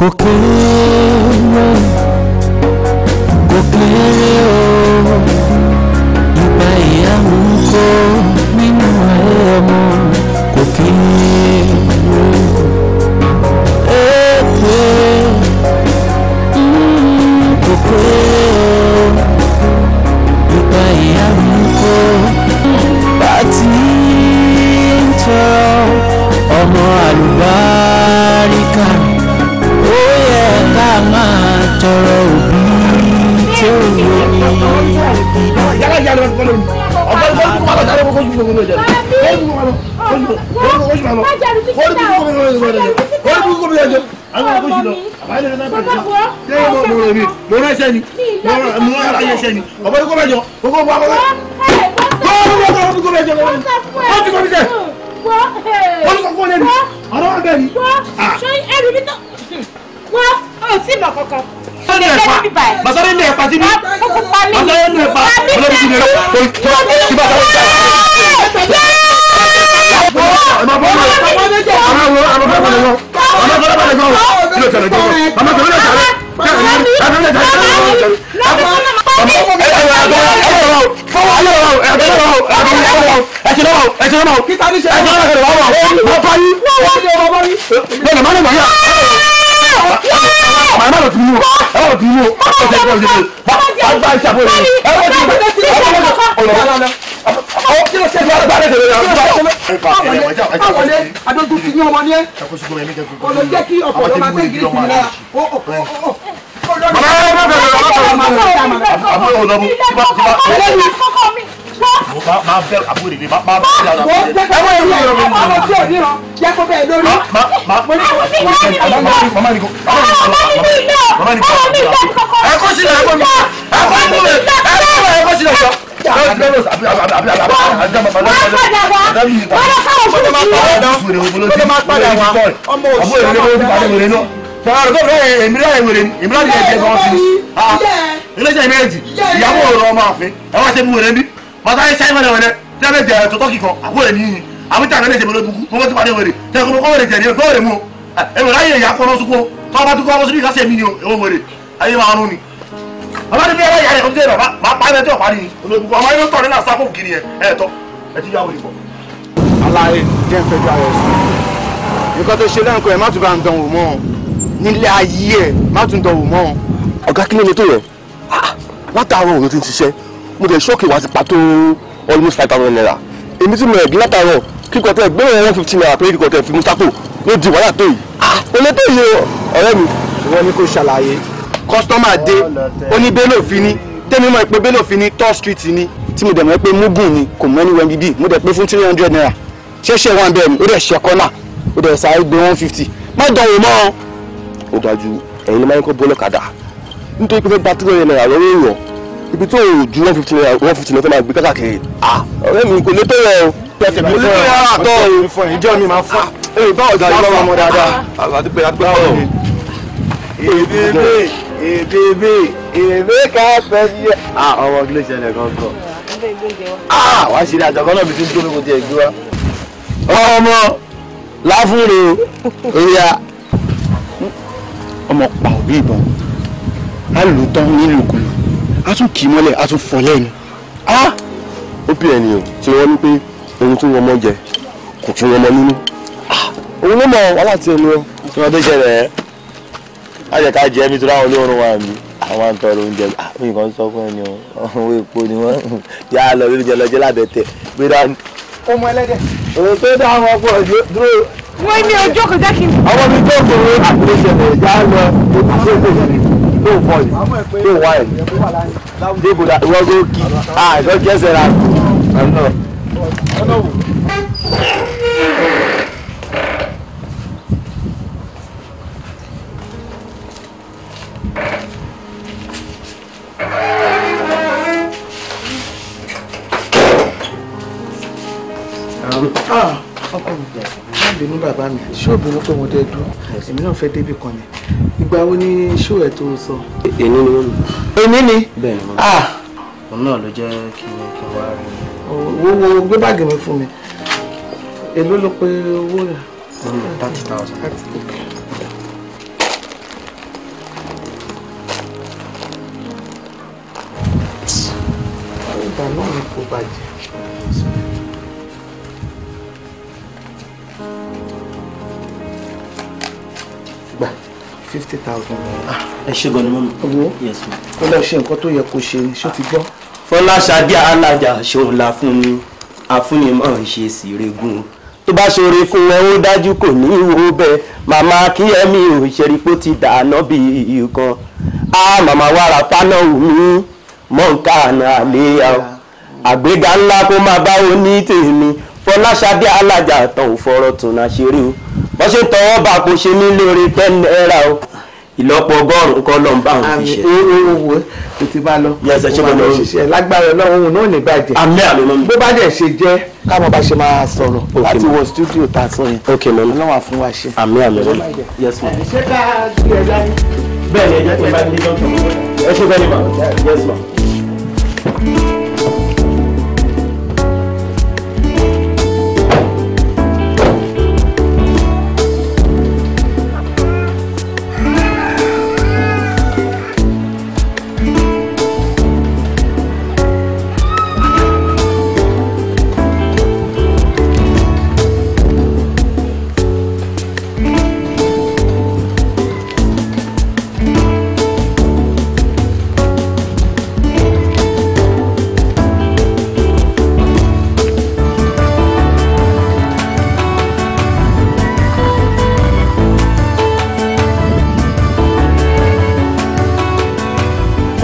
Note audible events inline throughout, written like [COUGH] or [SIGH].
过客。ẹsẹ̀ ni mo rán láyé ẹsẹ̀ ni ọ̀bọ ní kó bẹ̀ jọ gbogbo ọmọ akọ́wé gbogbo ọmọ akọ́wé kó bẹ̀ jọ lọ́wọ́ ó ti kọ́ mi sẹ́ wọ́n ní kọ́kọ́ lẹ́nu ọ̀rọ̀ wọn bẹ́ẹ̀ ni. wọ́n ò sí mọ̀ kankan. Masare nu ẹ̀pà Masare nu ẹ̀pà síbi Masare nu ẹ̀pà olórí síbi rẹ̀ kò tó kí bá sáré gbà. Àwọn ọmọ bọ́ọ̀lù àwọn ọmọ bọ́ọ̀lù àwọn ọmọ bọ́ọ̀lù àwọn ọmọ bọ́ọ̀lù àwọn ọmọ bọ́ọ̀lù àwọn ọmọ bọ́ọ̀lù yẹn ma o. kí tani ṣe é. ẹ máa ń bá yín. máa bá yín. bẹ́ẹ̀ni máa ń bá yín. màá má lọ tún yín o. ẹ má lọ tún yín o. ọ̀sẹ̀ tí wọ́n ṣe é. bá bá iṣẹ́ àpò yẹn. ẹ má tún yín o. ọ̀rọ̀ ọ kí ló ṣe é. bá a lè tẹ̀lé ẹ bá a lè tẹ̀lé ẹ. àwọlé adójú ti yín ọmọ ni ẹ. kò ló jẹ́ kí ọkọ̀ ló máa tẹ̀gìrì sí i lára. Bàbá yẹn bẹ̀rẹ̀ lọ́wọ́. Àbúrò ọ̀dọ́ mu máa bẹ̀rù àbúrò mi máa bẹ̀rù àbúrò mi. wọ́n jẹ́ àwọn ẹ̀rú ẹ̀rọ mi nìyẹn. àwọn tí ò ní ràn jẹ́ bẹ́ẹ̀ lórí. màmá ní kò màmá ní kò màmá ní kò ẹ kó sílẹ̀ ẹ kó mi ẹ kó mi ẹ kó mi ẹ kó sílẹ̀ sọ. Ilé iṣẹ́ ìmẹ́rẹ̀jì, ìyàwó ọ̀rọ̀ ọmọ àfin, ẹ wá ṣe bí wèrè bí bàtà ayé sáyé wẹrẹ wẹrẹ tí a bẹ jẹ ẹtọ tọkì kan àbúrò rẹ nìyí àbí tí a nàlẹ jẹmẹlẹ buku mo bá ti pàdé wẹrẹ tí a kọ wẹrẹ jẹ nìyẹn gbọwẹrẹ mu ẹwẹrẹ ayé ìyá kọ lọsùn kọ tọ́ bá dúkọ́ lọsùn bí kásẹ̀ mi ni o wẹrẹ ayé wa nù ni. bàbá mi bí ẹlẹ́yà ayé kọ́mítẹ́ bàbá máa pa ẹ̀mẹ́tẹ́ ọ̀pá nìyí olóògùn ọmọ yóò tọ̀ nínú àsákò kiri ẹ̀ ẹ̀ tọ́ ẹ ti yá wẹrẹ bọ̀. aláyé jẹ́ ń fẹ́ ju ayọ̀ ẹ̀sìn nǹkan tó ṣe lẹ́nkọ́ ẹ̀ má tún bá ń dán wò mọ́ nílé ayé ẹ̀ má tún dán wò mọ́. ọ̀gá kí ló ní tó yẹ ah, látàárọ̀ òun ti ń ṣiṣẹ́ mo dẹ̀ ṣókè wá sí pàtó almost five thousand naira èmi tí mo rẹ̀ gílá tààrọ̀ kíkọ tẹ gbẹ́rẹ̀ one fifty naira pé kíkọ tẹ fi mú sápò ló di wàhálà tó yìí ah olè tó yìí o ọ̀rẹ́ mi. wọ́n ní kó ṣàlàyé. kọ́sítọ́mà dé ó ní bélò fi ni tẹ́mi mọ̀ pé bélò fi ni tall street ni tí mo dẹ̀ mọ̀ pé mugun ni kò mọ́ ní wẹ́n bíbí mo dẹ̀ pé fún three hundred naira ṣẹ́ṣẹ́ wọn bẹ́ẹ̀ ni ó dẹ̀ ṣe kọ́nà ó dẹ̀ sáré gbé one fifty má dánwò mọ́ ó dájú ẹ̀yin ló máa ń kó bọ́lọ̀ kàdà nítorí pé fẹ́ gba three hundred naira lọ́wọ́ èèyàn ibi tó o ju one fifty naira one fifty naira fẹ́ máa gbé kákàkiri ah, ọ̀rẹ́ mi kò lè tó rẹ o tẹ̀sẹ̀ mi fún ẹ àtọ̀ o ìjọ mi máa fún ẹ ah, eh, báwo ni ìjọba máa mọ dáadáa àdúgbò ah, àdúgbò báwo ni. èbèbè èbèbè èbè ká pẹ́ sí ẹ. ọmọ ilé ìṣẹ̀lẹ̀ kan kọ. wàá ṣe ìdájọ́ kan náà bí tí ń tó lóko tiẹ̀ gbé wa. ọmọ láfúnro òyà ọmọ pàwọ́ bí ìbọn á lù tán nílùkulù a tún kì í mọ́lẹ̀ a tún fọ́ lẹ́nu. ó pè é o tí wọ́n ní pé ohun tí wọ́n mọ́ jẹ kò tún wọ́n mọ́ nínú. òun ló mọ wàhálà tiẹ̀ ni o. tí wọ́n tó ṣẹlẹ̀ ẹ́ á jẹ́ ká jẹ́ mi tó ráwọn olóorun wa mi àwọn à ń tọrọ oúnjẹ mi nǹkan sọ fún ẹni o owó epo ni wọ́n [LAUGHS] yà á lọ lórí jẹ lọ́jẹ́ lábẹ́tẹ̀ gbé dání. ọmọ ẹlẹ́dẹ̀. òun tó dá àwọn ọkọ dúró. wọ́n ní ọjọ́ kọjá kí n. ọmọ mi tó kòwé àkúrẹ́sẹ̀ rẹ̀ yà lọ tó fọ yìí tó wá ẹ̀ débò dá ìwọ gbé kí a ẹ̀fọ́ jẹ́sẹ̀ ra ọ̀nà. ọkọ mi ṣé obìnrin pé mo dé dúró èmi náà fẹ́ débi kan ni ìgbà wo ni ṣó ẹ̀ tó sọ. èmi ni wọn. èmi ni. bẹ́ẹ̀ni mo náà ah! òun náà ló jẹ́ kí n kí n wá rí i. wo wo gbé báàgì mi fún mi èló ló pe owó rẹ̀. thirty thousand. ìgbà náà ni kò bàjẹ́. fifty thousand naira. Ah, ẹ ṣe gan ni mọ́mí. owó ó lọ ṣe nǹkan tó yẹ kó ṣe ṣó ti gbọ́. fọláṣadé alájà ṣòun la fún ni àfúnni máa ń ṣe sírégún tó bá ṣoore fún ẹ ó dájú kò ní ìwò bẹ́ẹ̀ màmá kí ẹmí ò ṣeré pé ó ti dáná bí nǹkan á màmá wàrà fáná omi mọ̀ǹká àná àlẹ́ àgbéga ńlá kó máa bá oní tèmi fọláṣadé alájà tán ò fọ̀rọ̀ tún náà ṣeré o bó ṣe tọwọ́ bá kò ṣe mí lóore ten naira o ìlọ́pọ̀ ọgọ́rùn-ún kọ́ lọ́n bá òun ṣiṣẹ́. àmì owó o ti bá lọ. yẹsẹ ṣé mo lọ rò lágbára Ọlọ́run òun náà ní bàjẹ́. àmì àmì mọ bó bá dẹ̀ ṣe jẹ́ káwọn bá ṣe máa sọ̀rọ̀ láti wọ stúdíò tá a sọ yẹn. ok mọ mi Ọlọ́run wa ṣe. àmì àmì mọ mi. ṣé ká gbé ẹja ní. bẹ́ẹ̀ni ẹjẹ tí ẹ bá ti dé dọkítọ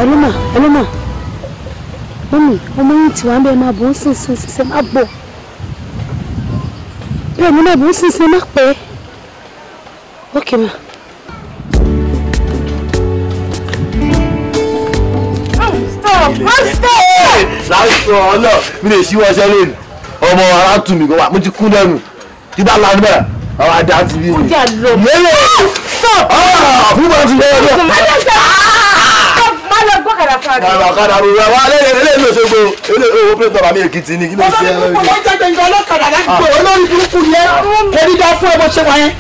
hello ma hello ma mọ́mì ọmọ yìí tí wàá bẹ́ẹ̀ máa bọ̀ ń sìn sìn sìn sìn máa bọ̀ bẹ́ẹ̀ ni máa bọ̀ ń sìn sìn máa pẹ́ ok ma. láìsọ ọlọ mi lè ṣíwọ ṣẹlẹ ni ọmọ arátùmí kan wà mo ti kú lẹ́nu tí bá lanu bẹ́ẹ̀ àwọn adá ti bí mi. ó jà lọ. yẹ́lẹ̀ fún mi ti yẹ ọ́ wá lọ gbọ́kàdà fún àgbẹ̀. àgbàkadà rò wá lẹ́yìn eléyìí ló ṣe gbó eléyìí owó pé bàbá mi èkìtì ni kí ló ṣe ẹ lọ́wọ́. olórí jẹjẹ ìjọ ọlọ́kadà lágbo olórí burúkú yẹn kẹ́ni ah. dá fún ẹ bó ṣe wá yẹn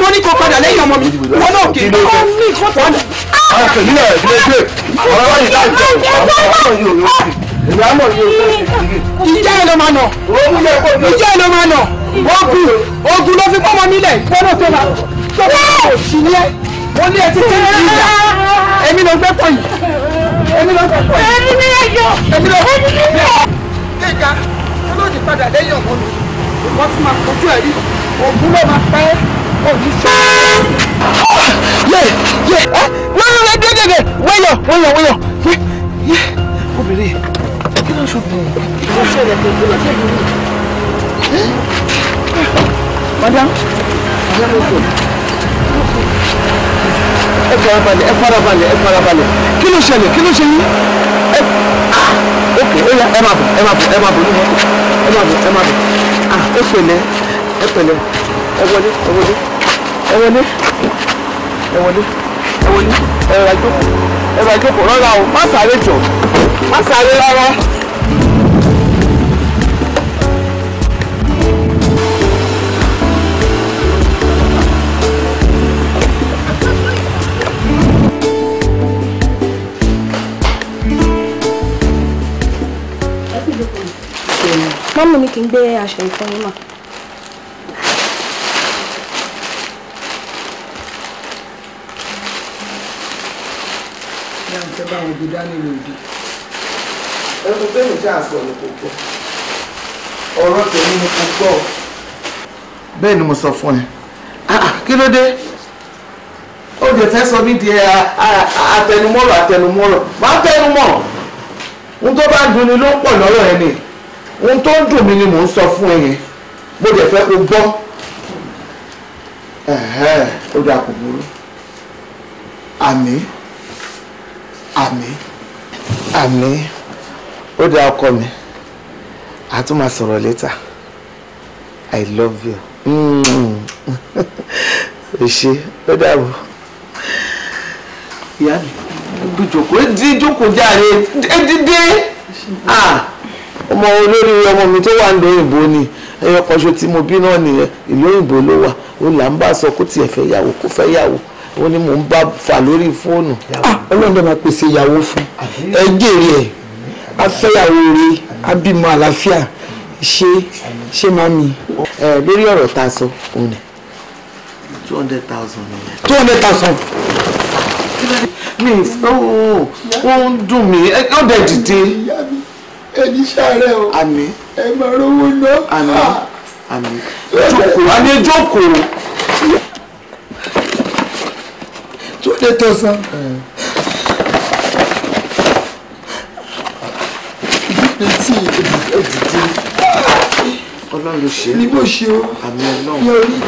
mo ní kó padà lẹ́yìn ọmọ mi wọn náà kì í kọ́ mí kó tán. àwọn kò ní ẹ̀ ẹ̀ gbé gbé ọ̀rọ̀ wáyé láì jẹ́ ọ̀rọ̀ yìí ò ní kì í ìyámọ̀ ni o ìjẹ́ ẹ̀ ló máa nà ìjẹ́ ẹ̀ ló máa nà ogun ogun ló fi pọ́nmọ́ nílẹ̀ gbọ́dọ̀ tó ma tó bá òsì ni ẹ mo ní ẹ ti tẹ́lẹ̀ ìyá èmi ló fẹ́ pọ̀ yìí èmi ló fẹ́ pọ̀ yìí. èmi ni ẹyọ èmi ló fẹ́ pọ̀ yìí. kéka olóòdì padà lẹ́yìn ọ̀pọ̀ mi wọ́n ti máa kojú ẹ̀rí ògùn ló máa pẹ́ òní ṣe. yé yé ẹ lórí rẹ dédédé wẹ́yọ̀ wẹ́yọ̀ wẹ́yọ̀ yé yé obìnrin kí ló ń ṣokùn kí ló ń ṣẹlẹ̀ pẹ̀lú ọjọ́ ìlú. madam ọ̀rẹ́ ló sọ̀rọ̀ ẹ farabalẹ̀ ẹ farabalẹ̀ ẹ farabalẹ̀ kí ló ṣẹlẹ̀ kí ló ṣe yín ẹ ah ok ó yá ẹ má bọ̀ ẹ má bọ̀ ẹ má bọ̀ ẹ má bọ̀ ẹ má bọ̀ ah ẹ pẹ̀lẹ́ ẹ pẹ̀lẹ́ ẹ wọlé ẹ wọlé ẹ wọlé ẹ wọlé ẹ wọlé ẹ rà jókòó ẹ rà jókòó rọra o má sáré jọ má sáré rárá. mọ́mù ní kí n gbé aṣọ ìfún yín mà. yá ń tẹ́ báwọn ibi dání lòdì. ẹnu bẹ́ẹ̀ ní sáà sọ ní kò gbọ́ ọ̀rọ̀ tèmi ni kò gbọ́. bẹ́ẹ̀ ni mo sọ fún ẹ ah, ah, kí ló dé ó lè fẹ́ sọ mí di àtẹnumọ́rọ̀ eh, ah, àtẹnumọ́rọ̀ máa tẹnumọ́ ohun tó bá dunni ló pọ̀ lọ́rọ̀ ẹ nìyí ohun tó ń dùn mí ni mò ń sọ fún ẹ yẹn mo dẹ̀ fẹ́ kó gbọ́ ó dà kò burú àmín àmín àmín ó dà ọkọ mi a tún máa sọ̀rọ̀ létà i love you ò mm. [LAUGHS] ṣe ó dàbọ̀ ìyá mi gbìjòkó díjókòó jáde dídé ah ọmọ olórí ọmọ mi tó wà nílùú òyìnbó ni ẹyọ kanṣo tí mo bí náà nìyẹn ìlú òyìnbó ló wà ó là ń bá sọ kó tiẹ̀ fẹ́ yàwó kó fẹ́ yàwó ó ní mò ń bá fà lórí fóònù. Ah, ọlọ́run dẹ̀ máa pèsè ìyàwó fún ẹ jèrè ẹ̀ afẹ́yàwó rẹ̀ abímọ àlàáfíà ṣe ṣe máa mi. ẹ lórí ọ̀rọ̀ tá a sọ òun ni. two hundred thousand. two hundred thousand mi ò ó ń dùn mí ó dìde ẹni sáré o àmín ẹ máa rówó ná àmín ah. àmín jókòó àmín jókòó. tó lè tọ́ sàn. létí ìdìdì ọlọ́run ṣe é ní bó ṣe o àmì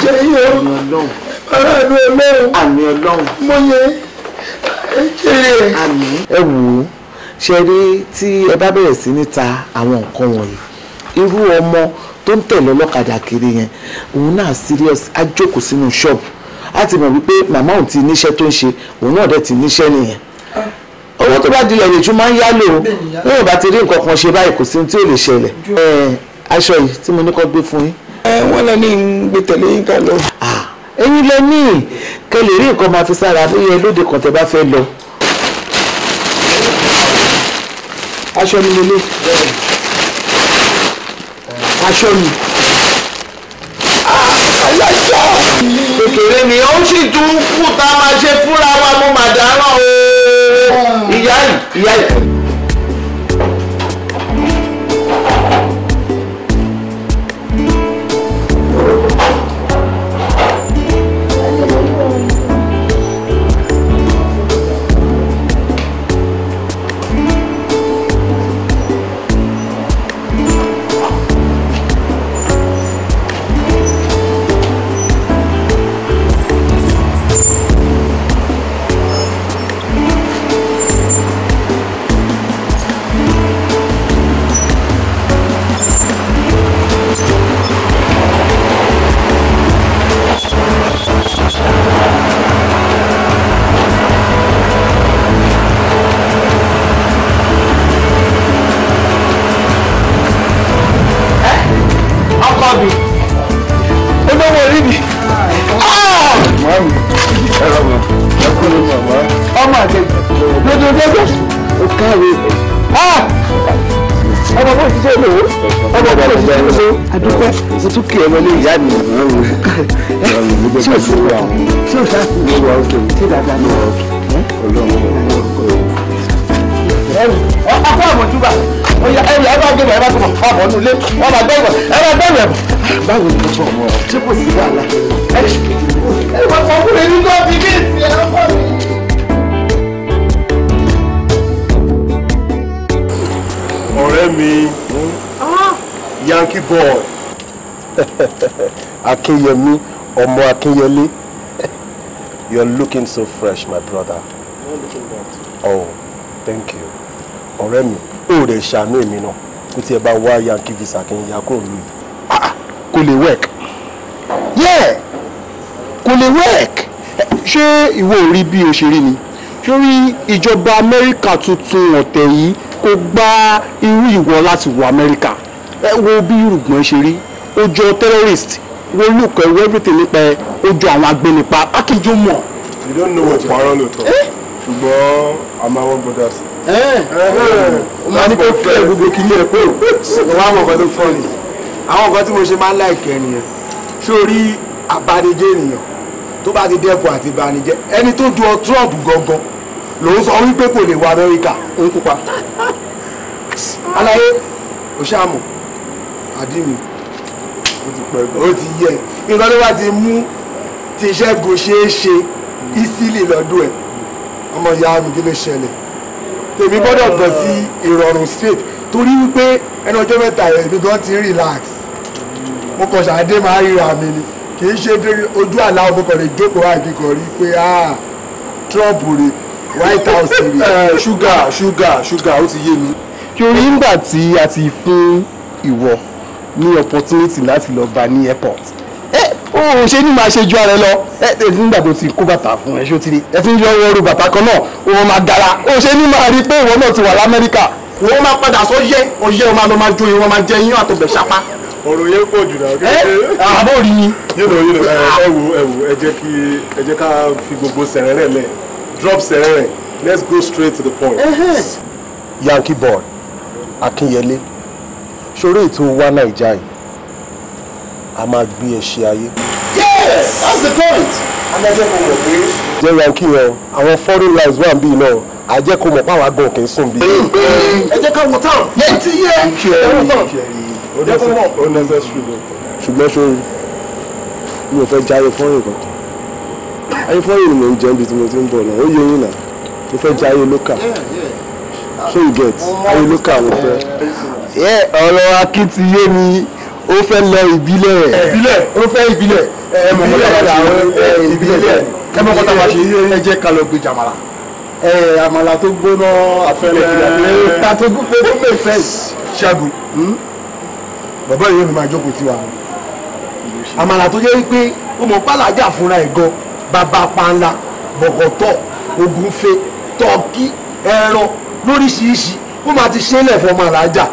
jẹ́ yẹ o àmì ọlọ́run ara ìlú ọlọ́run àmì ọlọ́run mo yẹ ẹ kéré ẹ wò ó ṣe rí tí ẹ bá bẹ̀rẹ̀ sí ní ta àwọn nǹkan wọ̀nyí irú ọmọ tó ń tẹ̀lé ọlọ́kadà kiri yẹn òun náà serious á jókòó sínú ṣọ́ọ̀bù á ti mọ̀ wípé màmá òun ti níṣẹ́ tó ń ṣe òun náà dẹ̀ ti níṣẹ́ nìyẹn owó tó bá dilẹ̀ lè tún máa ń yálò o wọn ò bá ti rí nǹkan kan ṣe báyìí kò sí tí ò lè ṣẹlẹ̀ aṣọ yìí tí mo ní kó gbé fún yín. wọ́n lọ ní gbé tẹ̀lé yín ká lọ. ẹ̀yin lẹ ní kẹlẹ̀ rí nǹkan máa fi sára fún yẹn lóde kan tẹ bá fẹ́ lọ. aṣọ mi lélẹ̀ aṣọ mi. aláṣọ ni ó sì tún kú máa ṣe fúnra wa mú màdàrán o ìyá yìí ìyá yìí. Adéyẹmí ọmọ Akínyẹlé [LAUGHS] you are looking so fresh my brother. no looking bad. oh thank you ọ̀rẹ́ mi ó rẹ̀ ṣàánú èmi náà kó tiẹ̀ bá wá yankee visa kí n ya kúrò lóyún ah, ah, kó lè work yeah kó lè work ṣé ìwọ ò rí bí o ṣe rí ni sórí ìjọba amẹ́ríkà tuntun ọ̀tẹ̀ yìí kò gba irú ìwọ láti wọ amẹ́ríkà ẹ wo bí irùngbọ̀n ṣe rí ó terrorist wọ́n lùkọ̀ ẹ̀wọ́ everything nípa ẹ̀ ó àwọn agbẹnipa pákíjú mọ̀. you don't know what parọ́ lóòótọ́ eh? ṣùgbọ́n àmàwọ̀ gbọ́dọ̀ sí. ó eh? eh, máa ní kó fẹ́ gbogbo kìíní ẹ̀ pé ó wá mọ̀ nǹkan tó fọ́ ni àwọn nǹkan tí mo ṣe máa ń láìkẹ́ nìyẹn ṣé o rí àbánijẹ́ ènìyàn tó bá ti dẹ́kun àti ìbànújẹ́ ẹni tó ju Trump gangan lòun sọ wípé kò lè wá Amẹ́ríkà òun pupa [LAUGHS] aláyé òṣàmù àdìmí ó ti yẹ nǹkan tó bá ti mú ti ṣẹ́gun ṣeé ṣe ìsílì lọ́dún ẹ̀ ọmọ ìyá mi kí ló ṣẹlẹ̀ tèmi gbọ́dọ̀ bọ̀ sí ìrọ̀rùn straight torí wípé ẹnu ọjọ́ mẹ́ta yẹn mi gan ti relax mo kàn ṣàdé máa ríra mi ni kì í ṣe ojú àlá ọmọ kan lè jókòó àìkíkọ̀ rí pé ah Trump rè White House rè. [LAUGHS] Eh, ṣúgà ṣúgà ṣúgà ó ti yé mi. kí orí ń gbà tí a ti fún ìwọ ní opportunity láti lọ bá ní airport ẹ o ò ṣe ní máa ṣe ju ara ẹ lọ ẹ ẹ ti nígbà tó ti kó bàtà fún ẹ ṣó ti rí ẹ ti ń yọ ọrùn bàtà kan náà òun máa dára o ṣe ní máa rí pé ìwọ náà ti wà lamẹ́ríkà. wọ́n máa padà sọ yẹ ọyẹ ọmọ ló máa jó yín wọ́n máa jẹ yín àtọ̀bẹ̀ ṣapá. ọ̀rọ̀ yẹn pọ̀ jù náà kékeré. àbọ̀ rí yín lọ yín ẹ wò ẹ wò ẹ jẹ́ kí ẹ jẹ́ ká fi gbogbo sẹ̀rẹ̀rẹ̀ lẹ̀ drop sẹ̀rẹ̀rẹ̀ let's go straight to the point. yankee boy akinyele sórí ètò wa nàìjà yìí a máa gbé ẹ ṣe ayé. yes that's the point. adájọ́ kò mọ̀ pé. jẹ́ yankí yẹn àwọn foreign lives wà ń bí náà a jẹ́ kó mọ̀ páwọn agbọ̀n kì í sùn bí. ẹ jẹ́ ká wọ tán ẹ ti yé ẹ̀rọ tán jẹ́ kó mọ̀. ṣùgbọ́n ṣó mi ò fẹ́ jáyé fọ́yìn kankan ayé fọ́yìn ni mò ń jẹ́ ibi tí mo ti ń bọ̀ náà ó yẹ yín náà mo fẹ́ jáyé lókà So you get ayé lókà mo fẹ́ ọ̀rọ̀ akin ti yé mi ó fẹ́ lọ ìbílẹ̀. ìbílẹ̀ ó fẹ́ ìbílẹ̀ ẹ mọ̀ mọ́lẹ̀ àwọn ìbílẹ̀ ẹ mọ̀ kọ́ta máa ṣe ẹ jẹ́ ká lọ gbé jàmàlà. ẹ àmàlà tó gbóná àfẹlẹ ta tó gbóná tó mẹ fẹ. ṣẹ́gun hmm? bàbá yìí ló máa jókòó tiwa àmàlà tó jẹ́ pé ó mọ̀ pàlàjà fúnra ẹ̀ gan bàbá panla bọ̀kọ̀tọ̀ ògúnfe tọ́kí ẹran lóríṣiríṣi ó máa ti ṣe é lẹ̀ fọmọ àlàájà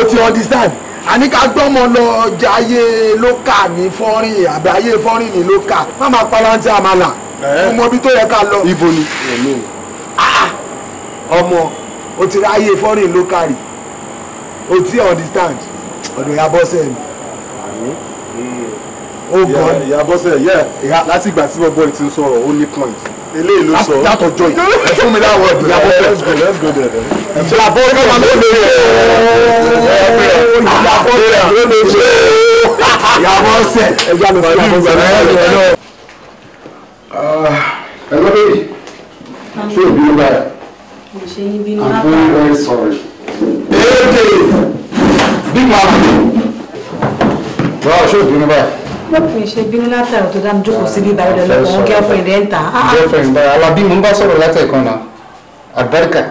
o ti understand àní ká gbọ́mọ lọ jẹ ayé lókà ní fọ́nrìn àbí ayé fọ́nrìn ní lókà má máa parántí àmàlà ọmọ ibi tó yẹ ká lọ. ibo ni ah, ah. ọmọ o ti ráyè fọ́nrìn lókà rí o ti understand ọ̀dọ̀ ìyá bọ́sẹ̀ ni ó gan ìyá bọ́sẹ̀ yẹ láti ìgbà tí mo gbọ́ ti ń sọ̀rọ̀ ó point eléyìí ló sọ látọjọ́ yìí fún mi láwọ ìyàbọ bẹ́ẹ̀ ìyàbọ bẹ́ẹ̀ máa ń lè rẹ ìyàbọ bẹ́ẹ̀ ló lè ṣe ìyàbọ ọsẹ ẹja ló fi àbọ bẹ́ẹ̀ lọ lọ. ẹ lọ bẹ́ẹ̀ ṣé òbí ló bá yà. mo ṣe ní bínú lápá. I'm very very sorry. déédéé bí màá. wàá ṣé òbí ló bá yà mo fi ṣe bínú látàrí tó dáa jókòó síbi ìbára rẹ lọ́wọ́ girlfriend ẹ̀ ń ta. Ah, ah. girlfriend báyìí alábí mo ń bá sọ̀rọ̀ látẹ̀kan náà àbáríkà.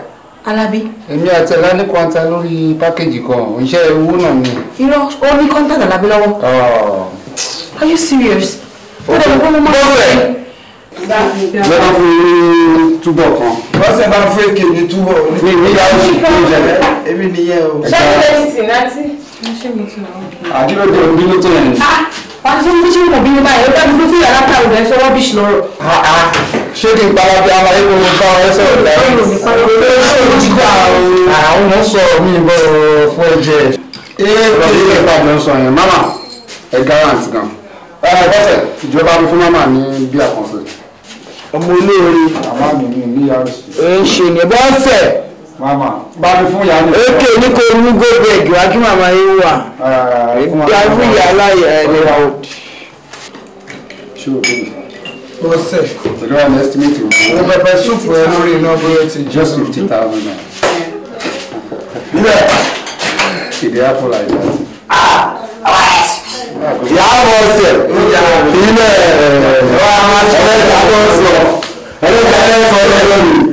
alábí. èmi àti ẹ̀la ní kọ́ńtà lórí pákéjì kan iṣẹ́ owó náà ni. irọ́ ó ní kọ́ńtà àlábí lọ́wọ́. Ah. are you serious? ó dẹ̀ lọ́wọ́ mo máa ń sọ ẹ̀. lọ́dọ̀ fún mi túbọ̀ kan. lọ́sẹ̀ bá fún èké ní túbọ̀. mi ní yàrá òṣìṣẹ́ ìjẹ̀lẹ̀ èmi nìyẹn o. ṣé ilé ti sìn náà sí. àdúrà òbí ló tó yẹn wàá tún bí ṣíwọ̀n bí nígbà yẹn lọ́dún tó fìyà látàrí rẹ̀ sọ rọ́bìṣì lọ́rọ̀. ṣé kí n para bí ama yín kó mo bá wọn sọ̀rọ̀ dáhùn. olóṣèlú ti dà ah, o. àwọn ọmọ sọ̀rọ̀ mi bọ̀ fún ẹ̀jẹ̀. ee rọ̀bì yìí nípa mi sọ yẹn mama ẹ̀ gáràǹtì gan. ọ̀rọ̀ eh, bọ́sẹ̀ ìjọba mi fún mama ní bí àkànṣe. ọmọ olóore. àmọ́ mi ní eh, ní yàrá ókè ní kò mú goldberg wá kí màmá yín wà bí a fún ìyá aláyẹ ẹlẹ́ra òdì. Bọ́sẹ̀. Ìjọba ẹ̀ lẹ́stímẹ́tì wò. Owó pẹpẹ súpù ẹ lórí iná bí ó ti jẹ́. Just fifty thousand naira. Níbẹ̀. Kìdí apple like that. Ah! Ìyá bọ́sẹ̀. Ilé ẹ̀ wá máa ṣẹlẹ̀ ìyá bọ́sẹ̀. Ẹlẹ́gbẹ̀ẹ́ sọ̀rọ̀ lórí.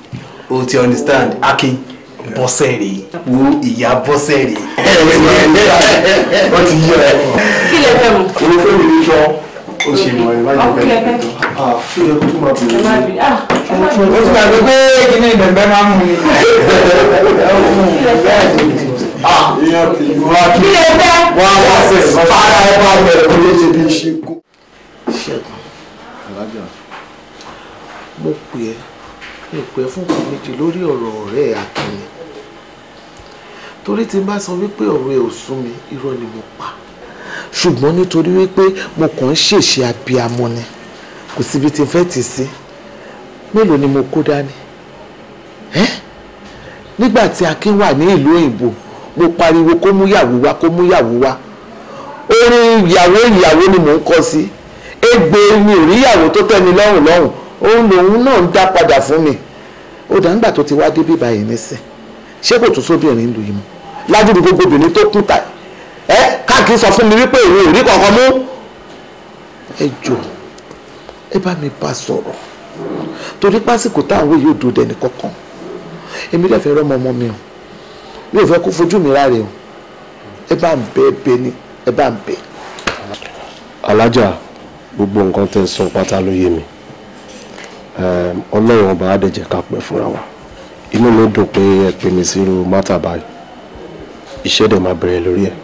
o ti understand akin bọ́sẹ̀ rèé wo ìyá bọ́sẹ̀ rèé. [LAUGHS] wọ́n ti yí ẹ. kí lè fẹ́ mu. owó fẹ́ mi ní sọ o ṣe mọ ẹ báyìí bẹ́ẹ̀ ni ah, kí lè tún máa ah, bèrè. o ti gbàgbé pé kí ni ìbẹ̀bẹ̀ máa ń mu ni. Ah, kí lè fẹ́. wá wá sẹ̀ fara ẹ bá bẹ̀rẹ̀ kó lè ṣe bí iṣẹ́ kú. ṣẹ́gun alájà mo pè é mi ò pẹ́ fún nǹkan méjì lórí ọ̀rọ̀ ọ̀rẹ́ Akin torí tí n bá sọ wípé ọ̀rọ̀ ẹ̀ ò sún mi irọ́ ni mo pa ṣùgbọ́n nítorí wípé mo kàn ń ṣèṣe abiyamọ ni kò síbi tí n fẹ́ tì sí mélòó ni mo kó dání ẹ́ nígbà tí Akin wà ní ìlú òyìnbó mo pariwo kó mú yàwó wá kó mú yàwó wá orin ìyàwó ìyàwó ni mò ń kọ sí egbe mi ò rí tó tẹ́ mi lọ́rùn lọ́rùn òun lòun náà ń dá padà fún mi ó dà ńgbà tó ti wá débí báyìí nísìn ṣé kò tún sóbìnrin ń lu yìí mọ́ ládùúgbò gbogbo obìnrin tó kùtà ẹ káàkiri sọ fún mi wípé èmi ò rí kankan mú ẹ jọ ẹ bá mi bá sọ̀rọ̀ torí pásìkò táwọn yóò do dẹni kankan èmi dẹ̀ fẹ́ rọ́mọ ọmọ mi o mi ò fẹ́ kó fojú mi ráre o ẹ bá ń bẹ bẹ ni ẹ bá ń bẹ. alájà gbogbo nǹkan tẹ́ sọ pátá ló yé mi Ehm, ọlọ́run ọba adẹ̀jẹ̀ ká pẹ́ fúnra wa inú mi dùn pé ẹ pè mí sírú mátà báyìí iṣẹ́ dẹ̀ máa bẹ̀rẹ̀ lórí ẹ̀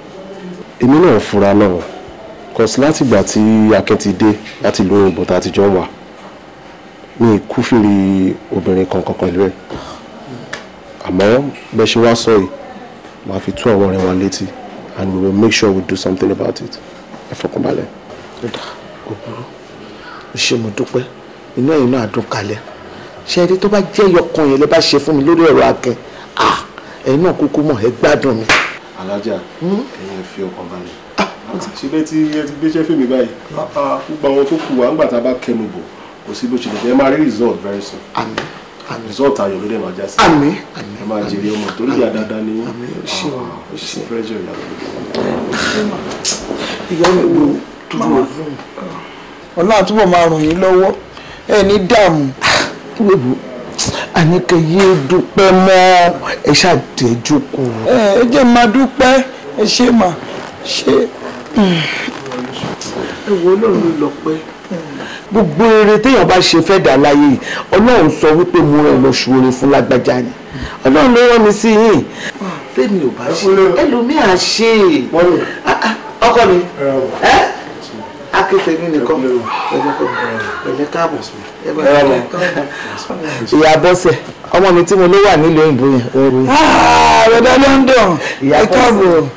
èmi náà fura náà kọ́sí látìgbà tí Akin ti dé láti ìlú òyìnbó tá a ti jọ wà mi kúfìrí obìnrin kankan pẹ̀lú ẹ̀ àmọ́ bẹ́ẹ̀ ṣe wá sọ yìí màá fi tún àwọn ọ̀rẹ́ wa létí and we will make sure we do something about it ẹ fọkànbalẹ̀. ó dáa kò burú ṣé mo dúpẹ́ inú ẹ̀yin náà dùn ṣe eré tó bá jẹ́ ẹyọkan yẹn lẹ́ bá ṣe fún mi lórí ẹ̀rọ akẹ́ ah ẹ̀yin náà kúkú mọ̀ ẹ gbádùn mi. alájà hmm? ẹ̀yin fi ọkàn balẹ̀ ah! ṣe bẹ́ẹ̀ tí ẹ ti gbéṣẹ́ fèmí báyìí ah, gbogbo àwọn tó kù wá ńgbà tá a bá kẹnu bọ̀ kò sí bó ṣe lè jẹ́ ẹ máa rí result very soon. àmín àmín result ayọ̀ ló dẹ̀ máa já sí. àmín àmín ẹ máa jèrè ọmọ torí ìyá dáadáa ni ah, pressure ìyá ìyá mi wo tuntun ọlọ́run túbọ̀ máa ràn yín lọ́wọ́ ẹni dààmú ìwébù àníkẹ́ yéé dúpẹ́ mọ́ ẹ ṣàdé jókòó. ẹ jẹ́ máa dúpẹ́ ẹ ṣe mà ṣe. ẹ wo Ọlọ́run ló lọ pẹ́ gbogbo eré téèyàn bá ṣe fẹ́ dà láyé yìí ọlọ́run sọ wípé mo rẹ̀ lọ ṣòro fún lágbájá ni ọlọ́run ló rán mi sí yìí. tèmi ò bá ṣe ẹlòmíà ṣe ah, ah, ọkọ mi ẹ akéfèmí nìkan ẹ̀jẹ̀ káàbọ̀ ìyá bọ́sẹ̀ ọmọ mi tí mo ló wà nílùú òyìnbó yẹn oru. àbẹ̀dá ah, London ìyá káàbọ̀.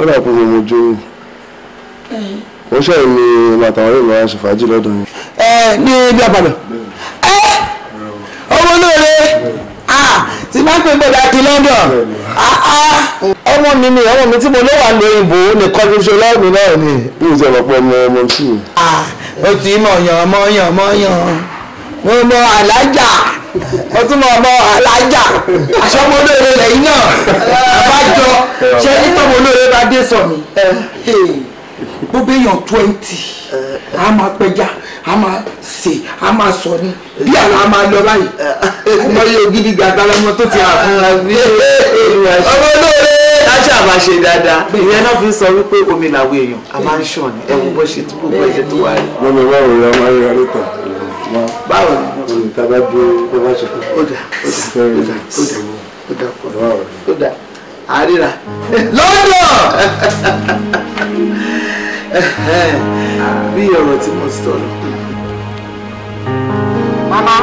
ó rà pé mo jó o ó ṣẹ̀yìn ni màtàwọn yóò máa ṣe fàájì lọ́dọ̀ ẹ ní ibi àbàdàn ẹ ọmọ olóore tí bá ń pè gbọ́dọ̀ àti London ah, ah. ọmọ mi ni ọmọ mi tí mo lọ́wọ́ àlọ́ ìbò nìkan tó ṣe lọ́ọ̀mì náà ni. bí o ṣe lọ pẹ́ mọ ọmọ tí o. o ti mọ̀ yàn mọ̀ yàn mọ̀ yàn mo mọ alájà mo tún mọ ọmọ alájà aṣọ́mọlóore lẹ́yìn náà àbájọ ṣé nítorí olóore bá dé sọ mi. Eh, eh gbogbo èèyàn twenty a máa pẹja a máa sè a máa sọ ni bí àná a máa lọ báyìí ọmọ yóò gidi gàdá lọmọ tó ti àfúnra bí ọmọ olóore láti àbá ṣe dáadáa ìyẹn náà fi ń sọ wípé omi làwọn èèyàn a máa ń ṣàn ní ẹwọ bó ṣe tó gbogbo ẹ̀jẹ̀ tó wà rí. wọn ní báwo ni a máa ń rí ọdún tán báwo ni. olùtaba bí ó bá ṣe tó. ó dà ó dà ó dà ó dà ó dà ó dà àríra. [LAUGHS] lọ́dọ̀. [LAUGHS] bí ọ̀rọ̀ tí mo sọ lọ. mama.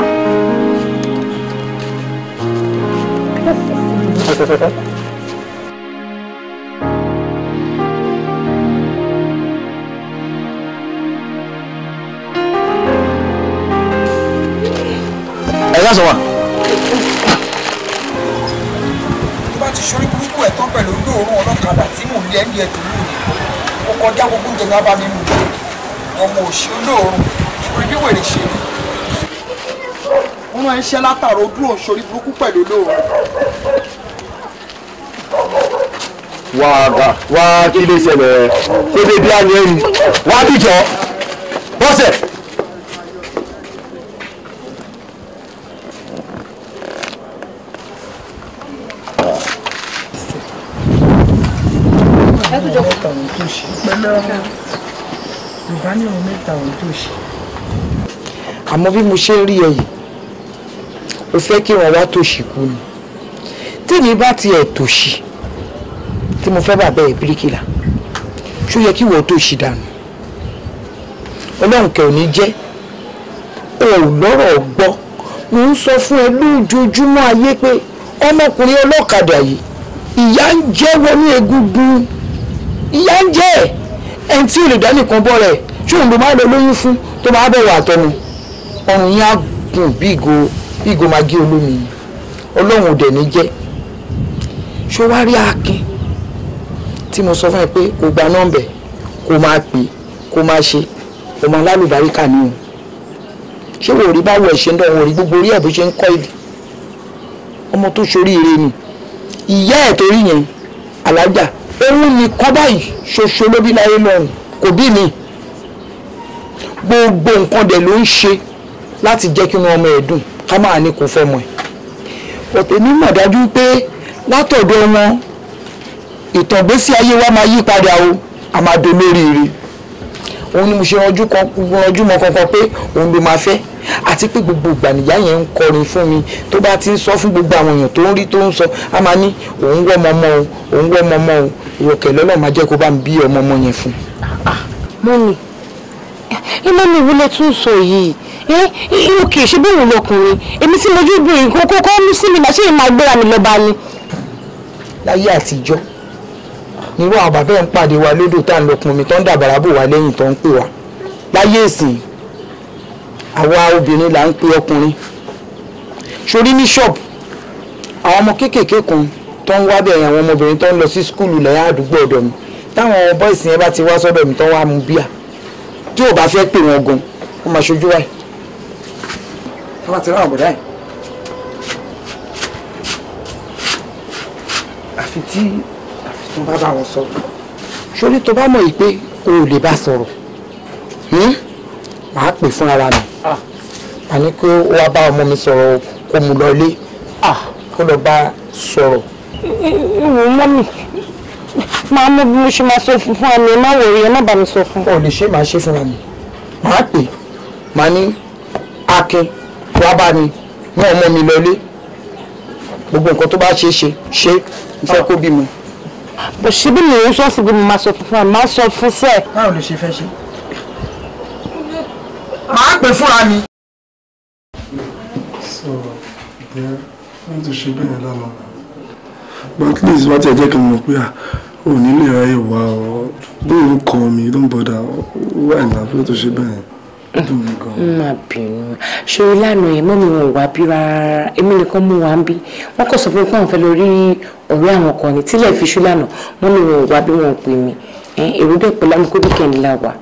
ẹ yá sọ wa. tó bá ti ṣorí burúkú ẹ̀ tán pẹ̀lú lóòórùn ọlọ́kadà tí mò ń lé ẹni ẹ̀ tó lù ní kọjá gbogbo oúnjẹ ní abá nínú ọmọ òṣì olóòórùn orí bí wèrè ṣe ni. wọ́n máa ń ṣe látàrọ ojú òṣòrí burúkú pẹ̀lú olóòórùn. wà á gà wá kí lè ṣẹlẹ̀ ṣé bébí àná ẹ̀rí wá dìjọ́ bọ́sẹ̀. yorùbá ní òun mẹ́ta òun tó ṣe. àmọ́ bí mo ṣe ń rí ẹ yìí ó fẹ́ kí wọ́n wá tòṣì kú ni tèmi bá tiẹ̀ tòṣì tí mo fẹ́ bàbá ẹ̀ bíríkìlà ṣó yẹ kí wọ́n tòṣì dànù ọlọ́run kẹ̀ ò ní jẹ́ ò lọ́rọ̀ gbọ́ mo ń sọ fún ẹ lójoojúmọ́ ayé pé ọmọkùnrin ọlọ́kadà yìí ìyá ń jẹ́ wọnú egungun ìyá ń jẹ́ ẹ̀ ẹ̀ ń tí ò bọ́ rẹ̀ ṣé òun ló máa lọ lóyún fún tó bá bẹ̀rù àtọ́nu ọrùn yín á gùn bí ìgò bí ìgò máa gé olómi ọlọ́run ò dẹ̀ ní jẹ́ ṣó wá rí akin tí mo sọ fún ẹ pé kò gba nọ́mbẹ̀ kò máa pè kò máa ṣe kò máa lálùbáríkà ní òun ṣé wò rí báwo ẹ̀ ṣe ń dán wò rí gbogbo orí ẹ̀ bó ṣe ń kọ́ ìdí ọmọ tó ṣoríire ni ìyá ẹ̀ torí yẹn alájà òun nìkan báyìí ṣoṣo ló láyé lọ́rùn kò bí mi gbogbo nǹkan dẹ̀ ló ń ṣe láti jẹ́ kí inú ọmọ ẹ̀ dùn ká máa ní kò fẹ́ mọ̀ ẹ̀ ọ̀tẹ̀ ní mọ̀ dájú pé látọ̀dọ̀ wọn ìtàngbésí ayé wa máa yí padà o a máa dolóríire òun ni mo ṣe ranjú kan ranjú mọ kankan pé òun ló máa fẹ́ àti pé gbogbo ìgbànìyá yẹn ń kọrin fún mi tó bá ti ń sọ fún gbogbo àwọn èèyàn tó ń rí tó ń sọ a máa ní òun wọ́ ọmọ o òun wọ́ ọmọ o ìrọ̀kẹ́ lọ́lọ́ máa jẹ́ kó bá mi bí ọmọ ọmọ yẹn fún. mọ́mì iná mi ìwúlẹ̀ tún ń sọ yìí irú kì í ṣe bóun lọkùnrin èmi tí mo jókòó yìí kókó kọ́ mú sí mi máa ṣe máa gbéra mi lọ́ba ni. láyé àtijọ́ nírú àwọn bàbá ẹ̀ ń pàdé wa lódò tá à ń lọkùn omi tó ń dàbàrà bò wá lẹ́yìn tó ń pè wá láyé ìsìn àwa obìnrin là ń pe ọkùnrin sórí ní ṣọ́ọ̀bù àwọn ọmọ kéékèèké kan tó ń wá bẹ̀rẹ̀ àwọn ọmọbìnrin tó ń lọ sí skúlù lẹ́yìn àdúgbò ọ̀dọ̀ mi táwọn bọ́ìsì yẹn bá ti wá sọ́dọ̀ mi tó wá mu bíà tí ò bá fẹ́ pè wọ́n gan wọ́n máa ṣojú wáyé wọ́n ti ráhùn bọ̀dá yìí. àfi tí àfi tí wọ́n bá bá wọn sọ̀rọ̀ sórí tó bá mọ̀ yìí pé o ò lè bá sọ̀rọ̀ hmm? màá pè fún ara mi ah. màá ní kó wá bá ọmọ mi sọ̀rọ̀ kó mu lọ ilé ah, kó lọ bá sọ̀rọ̀. ìwọ mọ́mì máa mú bí mo ṣe máa sọ fún fún àmì ẹ má wòrí ẹ má bá mi sọ fún. ọ lè ṣe máa ṣe fúnra mi máa pè máa ní akin wàá bá mi ní ọmọ mi lọlé gbogbo nǹkan tó bá ṣe ṣe ṣe ìfẹ́ kó bímọ. bó ṣe bí mi ò ń sọ sí bí mo máa sọ fún fún àmì máa sọ fún sẹ́ẹ̀. báwo lè ṣe fẹ́ ṣe. máa pè fúnra mi. sọ̀rọ̀ bẹ́ẹ̀ wọ́n ti ṣe bẹ́ẹ̀ lánàá but please, least wọ́n ti ẹ̀jẹ̀ kan mọ̀ pé ah, ò nílé ayé wa ọ́ bóun kọ́ mi ló ń bọ̀dà wà ní àbúrò tó ṣe bẹ́ẹ̀ mm, má bínú ṣòro lánàá yẹn mọ́mí wọn ìwà bí rárá èmi nìkan mú wa ń bí wọ́n kò sọ fún mi pé àwọn fẹ́ lọ rí ọ̀rẹ́ àwọn kan ní tílẹ̀ fi ṣú lánàá mọ́mí wọn ìwà bí wọ́n pè mí èrò bẹ́ẹ̀ pẹ̀lú àwọn kóbíkẹ́ ńlá wa.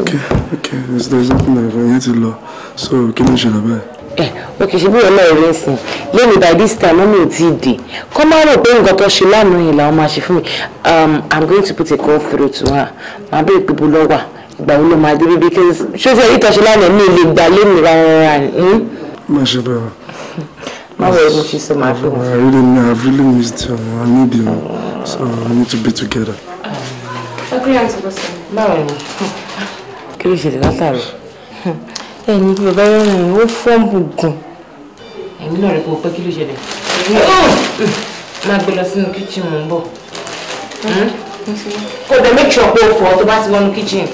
ok ok there's nothing like that yẹn ti lọ so kí ló ń ṣẹlẹ̀ báyìí ẹ eh, o kì í ṣe bí ọlọ́run rẹ̀ sìn lẹ́nu by this time mọ́mí ò tí ì dé kọ́ máa rò pé nǹkan tó ṣe lánàá yìí làwọn máa ṣe fún mi um, i'm going to put a call through to her màá bẹ̀rẹ̀ pé bó lọ́wà ìgbà wo ló máa dé bíbí kí ṣé ṣe èyí tó ṣe lánàá mi lè gbà lẹ́nu rárá ni. Hmm? má ṣe bẹ́ẹ̀ má wọ ẹ̀gbọ́n ṣe sọ máa fi wọn. i really i really missed you i need you so we need to be together. ọkùnrin àti bọ́sẹ̀ báwo ni kí ló ṣe lè látàrọ ẹni bí bàbá yẹn rìn ó fọ́ǹbù gùn. ẹ̀mí náà rẹ̀ kò pẹ́ kí ló ṣẹlẹ̀ máa gbé lọ sínú kíchìn mò ń bọ̀ hmm? kò dẹ̀ make sure pé o fọ̀ tó bá ti wọnú kíchìn.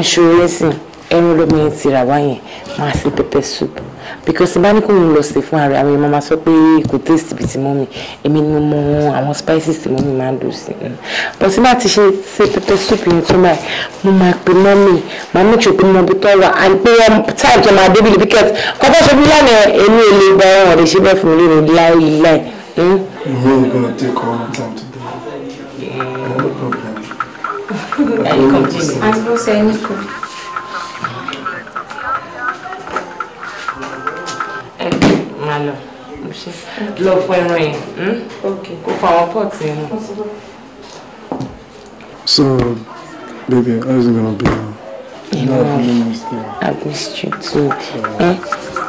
ìṣòro ẹ̀sìn ẹnu lómi ti rà wáyẹn máa sí pepper soup because bá ní kò ń lọ sí fún ara àwọn èèyàn máa sọ pé kò taste bíi ti mummy èmi ni mo mọ àwọn spices tí mummy máa ń lò sí but tí bá ti ṣe ṣe pepper soup yẹn tó báyìí mo máa pe mummy máa make sure pé mo bí tọ́wọ́ and pé wọ́n time tó máa débìlì because kọ́tà ṣe bí lánàá èmi ò lè gba ẹ̀wọ̀n lè ṣe bẹ́ẹ̀ fún mi lórí láìláì. Hmm? You're really gonna take all the time to do problem. I, I, I, I, I, I, ẹ máa lọ lọ fọ ẹran yẹn hmm? kó fọ àwọn pọ́ọ̀tì So, baby, how is it gonna be now? I missed you too. Eh?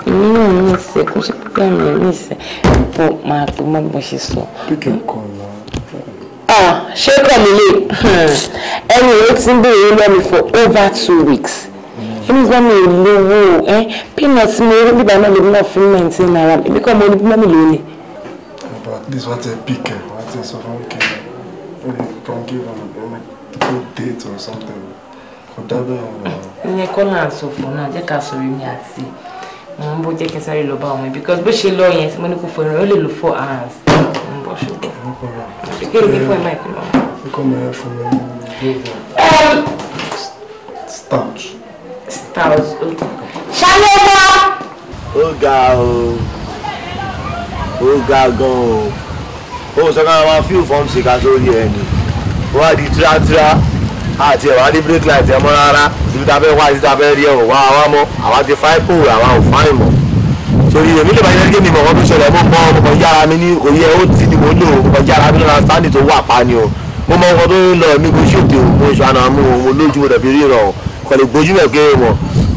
You know, I miss it. Because I miss it. my mom was she so. Pick your call now. Ah, ṣé kàn mí lè ẹni ìwé tí ń béèrè for over two weeks nígbà mi ò lówó ẹ peanut mi rí bíbá náà lèmi náà fún nineteen naira ibi kan mo ní bí mẹ́mi lónìí. but at least wọ́n ti pick ẹ̀ wọ́n ti sọ fún kí wọ́n kàn give am a good date or something kò dábẹ́ ọ̀rọ̀. ìyẹn kọ́ là ń sọ fún náà jẹ́ ká sọ̀rọ̀ mi àti mo ń bó jẹ́ kí n sáré lọ bá wọn because bó ṣe lọ yẹn tí mo ní kó fọ ẹran ó lè lo four hours mo ń bọ̀ ṣùgbọ́n kí ló ní fún ẹ̀ máa ìpínlẹ̀ wọn. Um, starch thousand. ṣálẹ́ wá. ó ga o ó ga gan-an o ó sọ ká máa fi fọ́ọ̀mù ṣìkà sórí ẹ ni wọ́n á di tírátíra àti ẹ̀wà ní bírèkì láti ẹ̀ mọ́ rárá síbi tá a fẹ́ wá síbi tá a fẹ́ rí ẹ̀wọ̀n wá wá mọ́ àwa ti fáì pò àwa ò fáì mọ́ torí èmi lè máa yẹ kí mi mọ̀ wọ́n fi ṣẹlẹ̀ mo mọ ọmọ yára mi ní òye ẹ̀ ó ti ni mo lò ọmọ yára mi lọ́la sáńdì tó wà pa ni o mo mọ ọkọ tó ń lọ mi kò ṣètò mo ṣàna mú òun lójú mo dẹ̀ fi ríran o pẹ̀lú gbójú ẹ̀ pé wọ̀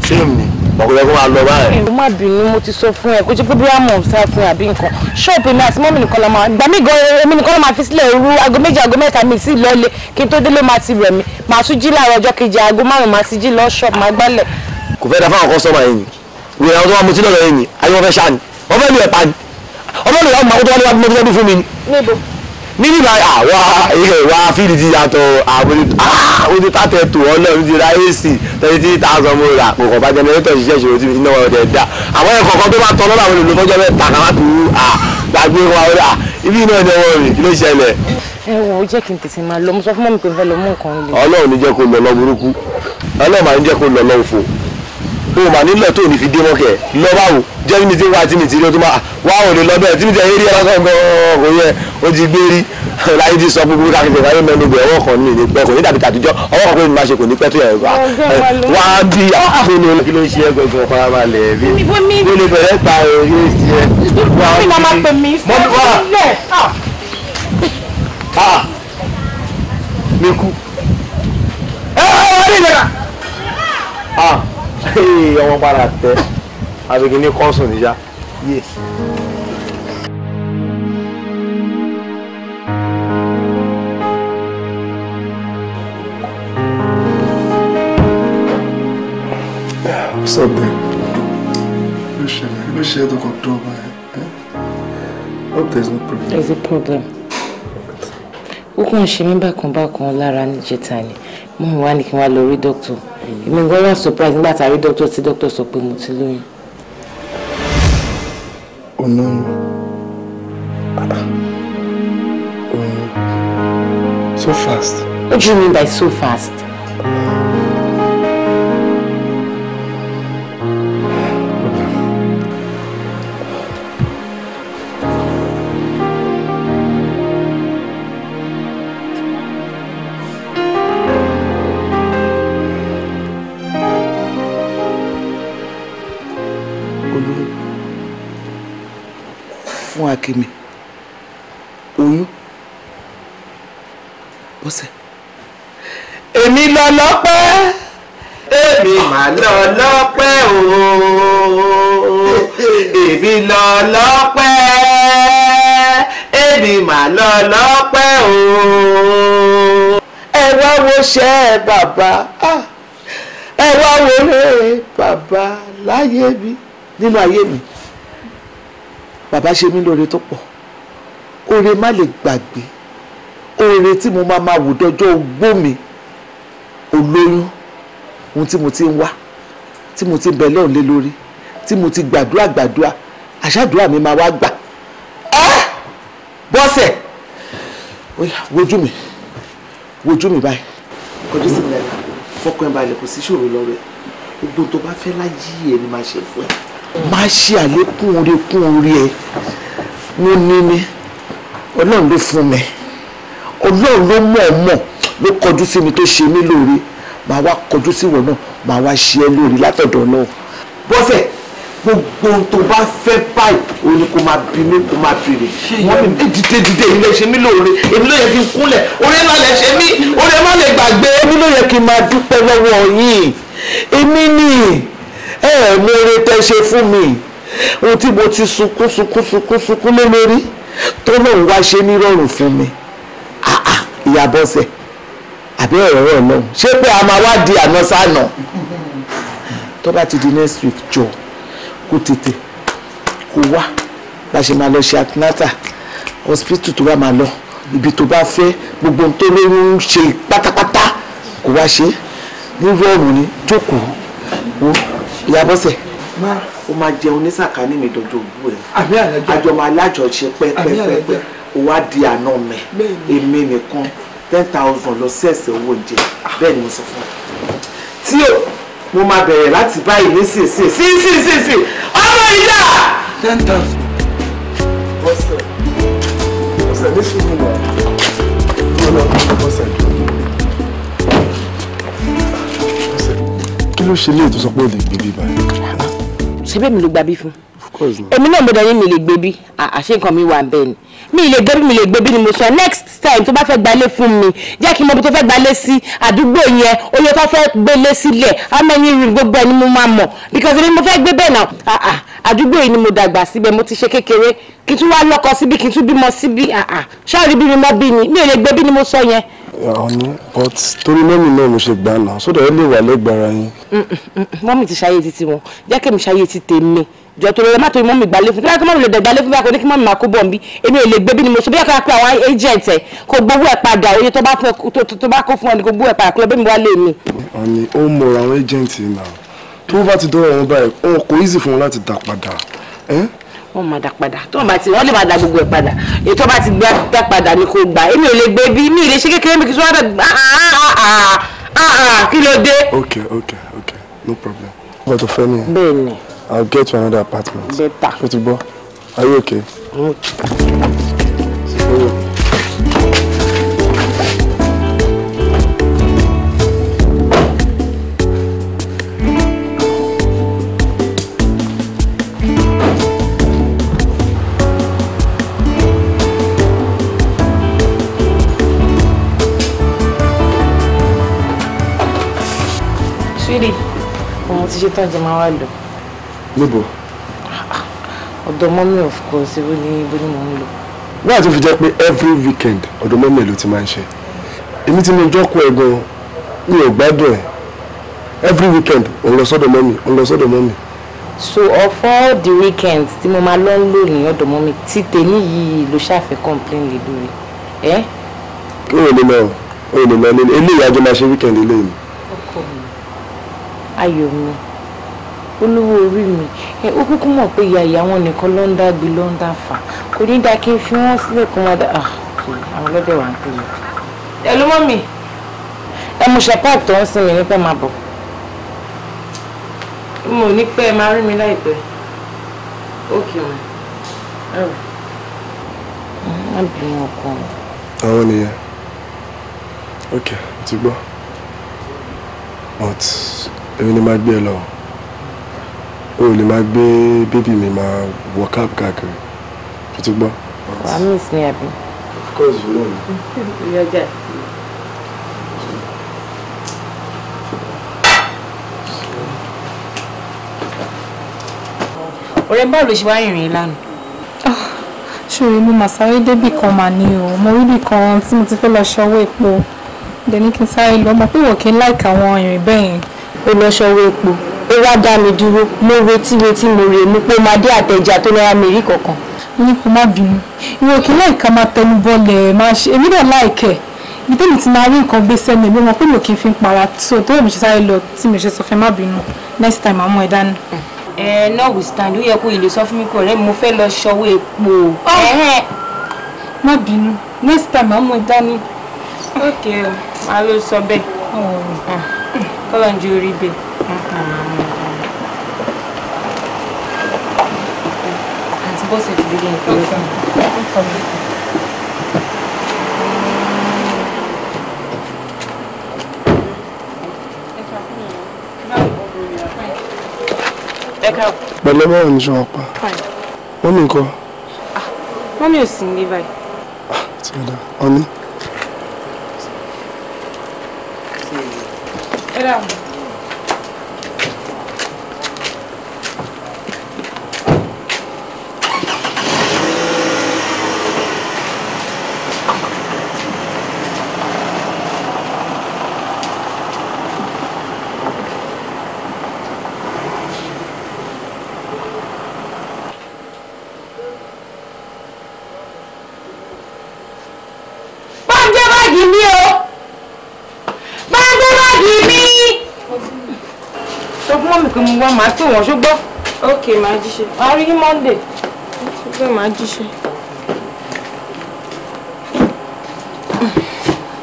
fíìmù ni ọkùnrin kó máa lọ báyìí. ẹ má bínú mo ti sọ fún ẹ kó jẹ pé bóyá mò ń sá fún ẹ àbí nǹkan ṣọ́ọ̀bù mi àti mọ́mì nìkan la máa mí gan èmi nìkan la máa sílẹ̀ òru aago méjì aago mẹ́ta mi sí lọ́lé kí n tó délé máa ti rẹ̀ mí màá tún jí láàárọ̀ ọjọ́ kejì aago márùn-ún máa ti jí lọ ṣọ́ọ̀bù máa gbálẹ̀. kò fẹ́ da fáwọn kọ́sọ́mà yìí níbi báyìí àwa ìwà fíìdì ti yàtọ̀ àwọn ojú tàtẹ̀ tó ọ náà ti ra ac thirty three thousand mo rà kò kàn bá jẹnẹrétọ̀ ṣiṣẹ́ ìṣòro tí iná ọ̀dẹ̀ dá àwọn ẹ̀kọ́ kan tó bá tọ́ lọ́dọ̀ àwọn olùlọ́ fọ́jọ́ bẹ́ẹ̀ tàkà láti wú a, gbàgbé wa ó rà ibi iná ọ̀dẹ̀ wọn rè kí ló ṣẹlẹ̀. ẹ wo jẹ́ kí n tètè máa lọ mo sọ fún mọ́mí pé n fẹ́ lọ mú nǹkan lè. ọlọ́run ní jẹ́ kó lọ lọ burúkú ọlọ́run máa ń jẹ́ kó lọ lọ òfò o mà nílò tó ní fi dé mọ́kẹ́ lọ báwo jẹ́ ní ti ń wá tí mi ti rí o tó máa wá ò lè lọ bẹ́ẹ̀ tí mi ti rí ẹ lọ́sàn gan-an kò yẹ o ti gbé rí láyé ti sọ gbogbo ká kẹsẹ̀ láyé mẹ́nu bẹ̀ ọwọ́ kan ní ìlú pẹ́ kò ní dàbí tàbíjọ́ ọwọ́ kan pé mi máa ṣe kò ní pẹ́ tó yẹ wá wá bí àkókò kí ló ń ṣe ẹgbẹ̀gbọ̀n farabalẹ̀ bí o lè bẹ̀rẹ̀ pa òye ṣe wá bí mọ́ mi kú. ẹ ẹ wọlé ìlera ọmọ padà tẹ abigi ní kọ́sùn níjà. sọ́tẹ̀ ló ṣẹlẹ̀ ló ṣe é tó kàn tó ọba ẹ̀ eh? hope there's no problem. There's a problem. ó kàn ń ṣe mí bákan bákan lára níjẹta ni mo wá ní kí n wá lọ èmi gan wà surprise nígbà tá a rí doctor tí doctor sọ pé mo ti lóyún. olóyún oyún so fast. what do you mean by so fast? kí mi oyún bọ́sẹ̀ èmi lọ lọ́pẹ́ èmi mà lọ lọ́pẹ́ ooo èmi lọ lọ́pẹ́ èmi mà lọ lọ́pẹ́ ooo. ẹ wá wo ṣẹ́ ẹ bàbá ah! ẹ wá wo rẹ̀ bàbá láyé mi nínú ayé mi bàbá ṣe mí lóore tó pọ̀ oore má lè gbàgbé oore tí mo máa máa wò dọjọ́ ogbó mi olóyún ohun tí mo ti ń wá tí mo ti ń bẹ lọ́run lé lórí tí mo ti gbàdúrà gbàdúrà àṣàdúrà mi máa wá gbà ẹ́ bọ́sẹ̀ wojú mi wojú mi báyìí kọjú sí mi lẹ́la fọkàn ẹ̀ balẹ̀ kò sí ìṣòro lọ́rọ̀ ẹ̀ gbogbo tó bá fẹ́ láyé ẹ̀ ni màá ṣe fún ẹ̀ máa ṣe àlékún oore kún oore ẹ mo ní ni ọlọ́run ló fún mi ọlọ́run ló mọ̀ ọ́ mọ̀ ló kọjú sí mi tó ṣe mí lóore màá wá kọjú sí ìwọ náà màá wá ṣe ẹ́ lóore látọ̀dọ̀ náà bọ́sẹ̀ gbogbo ohun tó bá fẹ́ báyìí òun ni kò máa bí mi kò máa bèrè wọ́n mi dìde dìde ilé ṣe mí lóore èmi ló yẹ kí n kúnlẹ̀ oore má lè ṣe mí oore má lè gbàgbé èmi ló yẹ kí n máa dúpẹ́ lọ́wọ́ yìí èmi nìyí ẹ ẹ mú oore tẹ́ ṣe fún mi ohun tí mo ti sunkún sunkún sunkún sunkún lé lórí tó náà wá ṣe nírọ̀rùn fún mi ìyàbọ̀sẹ̀ àbí ọ̀rọ̀ ọ̀rọ̀ náà ṣé pé a máa wá di àná sáànà tó bá ti di next week jọ kó tètè kó wá la ṣe máa lọ ṣe atlanta hospital tó bá máa lọ ibi tó bá fẹ́ gbogbo ohun tó lóyún ń ṣe pátápátá kó wá ṣe nírú ni jókòó ìyàbọ̀sẹ̀ má o máa jẹun ní sàkání mi dọ̀dọ̀ òwú ẹ̀ àjọ máa lájọṣe pẹ́pẹ́pẹ́ o wá di àná mi èmi nìkan ten thousand lọ sẹ́ẹ̀sẹ̀ owó oúnjẹ bẹ́ẹ̀ ni mo sọ fún ọ. tí o mo máa bẹ̀rẹ̀ láti báyìí nísinsìnyí sínsìnsìnsìn ọmọ ìyá. ten thousand. ọ̀sẹ̀ ọ̀sẹ̀ ní sùúrù náà ló lọ ọ̀sẹ̀ tó. ló ṣe léè tó sọ pé ó lè gbé bíbá yìí. ṣé mi ló gba fún èmi náà mo dẹ̀ ní mi lè gbé bí àṣé nǹkan mi wà bẹ́ẹ̀ ni mi lè gbé bí mi lè gbé bí ni mo sọ next time tó bá fẹ́ gbalé fún mi jẹ́ kí n mọ bí tó fẹ́ gbalé sí àdúgbò yẹn oyè tó fẹ́ gbélé sílẹ̀ amẹ́yìn rìn gbogbo ẹ̀ ni mo máa mọ̀ because èmi mo fẹ́ gbé bẹ́ẹ̀ náà àdúgbò yìí ni mo dàgbà síbẹ̀ mo ti ṣe kékeré kí n tún wá lọ́kọ síbi kí n tún bímọ síbi ṣáàrí bí mi mọ́ bí ni mi lè gbé bí ni mo sọ yẹn. ọ̀nà but torí mọ́mì náà mo ṣe gbà náà sódà ẹ lè wà lẹ́gbàá yín. mọ́mì mm, mm, mm. ti ṣayé jọ tó lọ mátò mọ́mì gbalé fún kíláàkì mọ́mì lè dẹ̀ gbalé fún bá kò ní kí mọ́mì máa kó bọ̀ nbí èmi ò lè gbé bí ni mo sọ bí ẹ̀ka pé àwọn agent ẹ̀ kò gbowó ẹ̀ padà òye tó bá fẹ́ tó bá kó fún ọ ni kò gbowó ẹ̀ padà kúlọ̀ bí mi wá lé mi. àní ó ń mọ̀rọ̀ àwọn agent náà tó bá ti dọ́rọ̀ wọn báyìí wọn kò easy fún wọn láti dà padà wọn máa dà padà tó wọn bá ti wọn lè máa dà gbogbo ẹ padà ètò bá ti gbà dà padà ni kò gbà èmi ò lè gbé bí mi ì lè ṣe kékeré mi kì í sọ wá dà ah, ah, ah, kí ló dé. ok ok ok no problem. bẹ́ẹ̀ ni. I'll get you another apartment. Better. boy? are you okay? Mm. Oh. So, Sweetie, como você já está de my olho? níbo. ọ̀dọ̀ of course ewu ni ibo ni mò ń lọ. náà tó fi jẹ́ pé every weekend ọ̀dọ̀ mọ́mí ló ti máa ń ṣe èmi tí mo jọ́kọ̀ ẹ̀ gan mi ò gbádùn ẹ̀ every weekend ò ń lọ sọ́dọ̀ mọ́mí ò ń lọ sọ́dọ̀ mọ́mí. so of all the weekends tí mo máa lọ ń lò ní ọ̀dọ̀ mọ́mí tèmi yìí ló ṣàfẹ́ complain lè lórí ẹ́. kí wọ́n lè mọ̀ ọ́ o lè mọ eléyìí ajọ máa ṣe weekend eléyìí. ọkọ mi ayọ̀ mi olówó orí mi ẹ ó kúkú mọ̀ pé ìyá ìyá wọn nìkan ló ń dá gbé ló ń dá fà kò ní dá kí n fi wọ́n sílẹ̀ kó má dá ah, àwọn ọlọ́dẹ̀ wà ń pè mí. ẹ ló mọ́ mi ẹ mo ṣàpáàk tó ń sin mi nípa máa bọ̀. mo ní pẹ́ ẹ máa rí mi láìpẹ́ ókè mi ẹ̀rọ má bínú ọkọ mi. àwọn nìyẹn ókè ti gbọ́ but èmi ni máa gbé ẹ lọ o lè máa gbé bébì mi máa wọ cap káàkiri tó ti gbọ́. wà á miss ní àbí. of course you know. [LAUGHS] ìyá ọjà. ọ̀rẹ́ báwo ló ṣe wá ìrìn lánàá. Ah, ṣòro mo mà sáré débì kan mà ní o mo rí bì kan tí mo ti fẹ́ lọ ṣọwọ́ epo dẹ̀ ní kí n sáré lọ mọ̀ pé wò kí n láìka àwọn ìrìn bẹ́ẹ̀ yẹn. ó lọ ṣọwọ́ epo ó wá dá mi dúró mo retí retí mo rè mú pé máa dé àtẹ̀jà tó náírà mi rí kankan. mo ní kó má bínú ìwé òkè láìka máa tẹnu bọlẹ̀ máa ṣe èmi náà láìkẹ́ ibi tẹ́mi ti máa rí nǹkan gbé sẹ́nu èmi mọ̀ pé mi kì í fi ń para tó tó èmi ṣe sáré lọ tí mi ṣe sọ fẹ́ má bínú next time àmọ́ ẹ̀ dání ẹ náà withstand ó yẹ kó ilé sọ fún mi kó rẹ mo fẹ́ lọ ṣọwọ́ epo. Oh! má bínú next time àmọ ìdání. ok a ló sọ bẹ́ẹ̀ kọlọ ń ju orí bẹ́ẹ̀. Àǹtí bọ́sẹ̀ ti dé lẹ́yìn pẹ̀lú fún mi. pẹ̀lú bọ́ọ̀ ní ṣọ́wọ́ pa wọ́n mi kọ́. wọ́n mi ò sí ní báyìí. Ah, ti ẹ̀dá ọ̀ní. ẹ dà ń wá màá pè wọ́n ṣùgbọ́n. ok màá jíṣẹ́. a rí monday ṣùgbọ́n màá jíṣẹ́.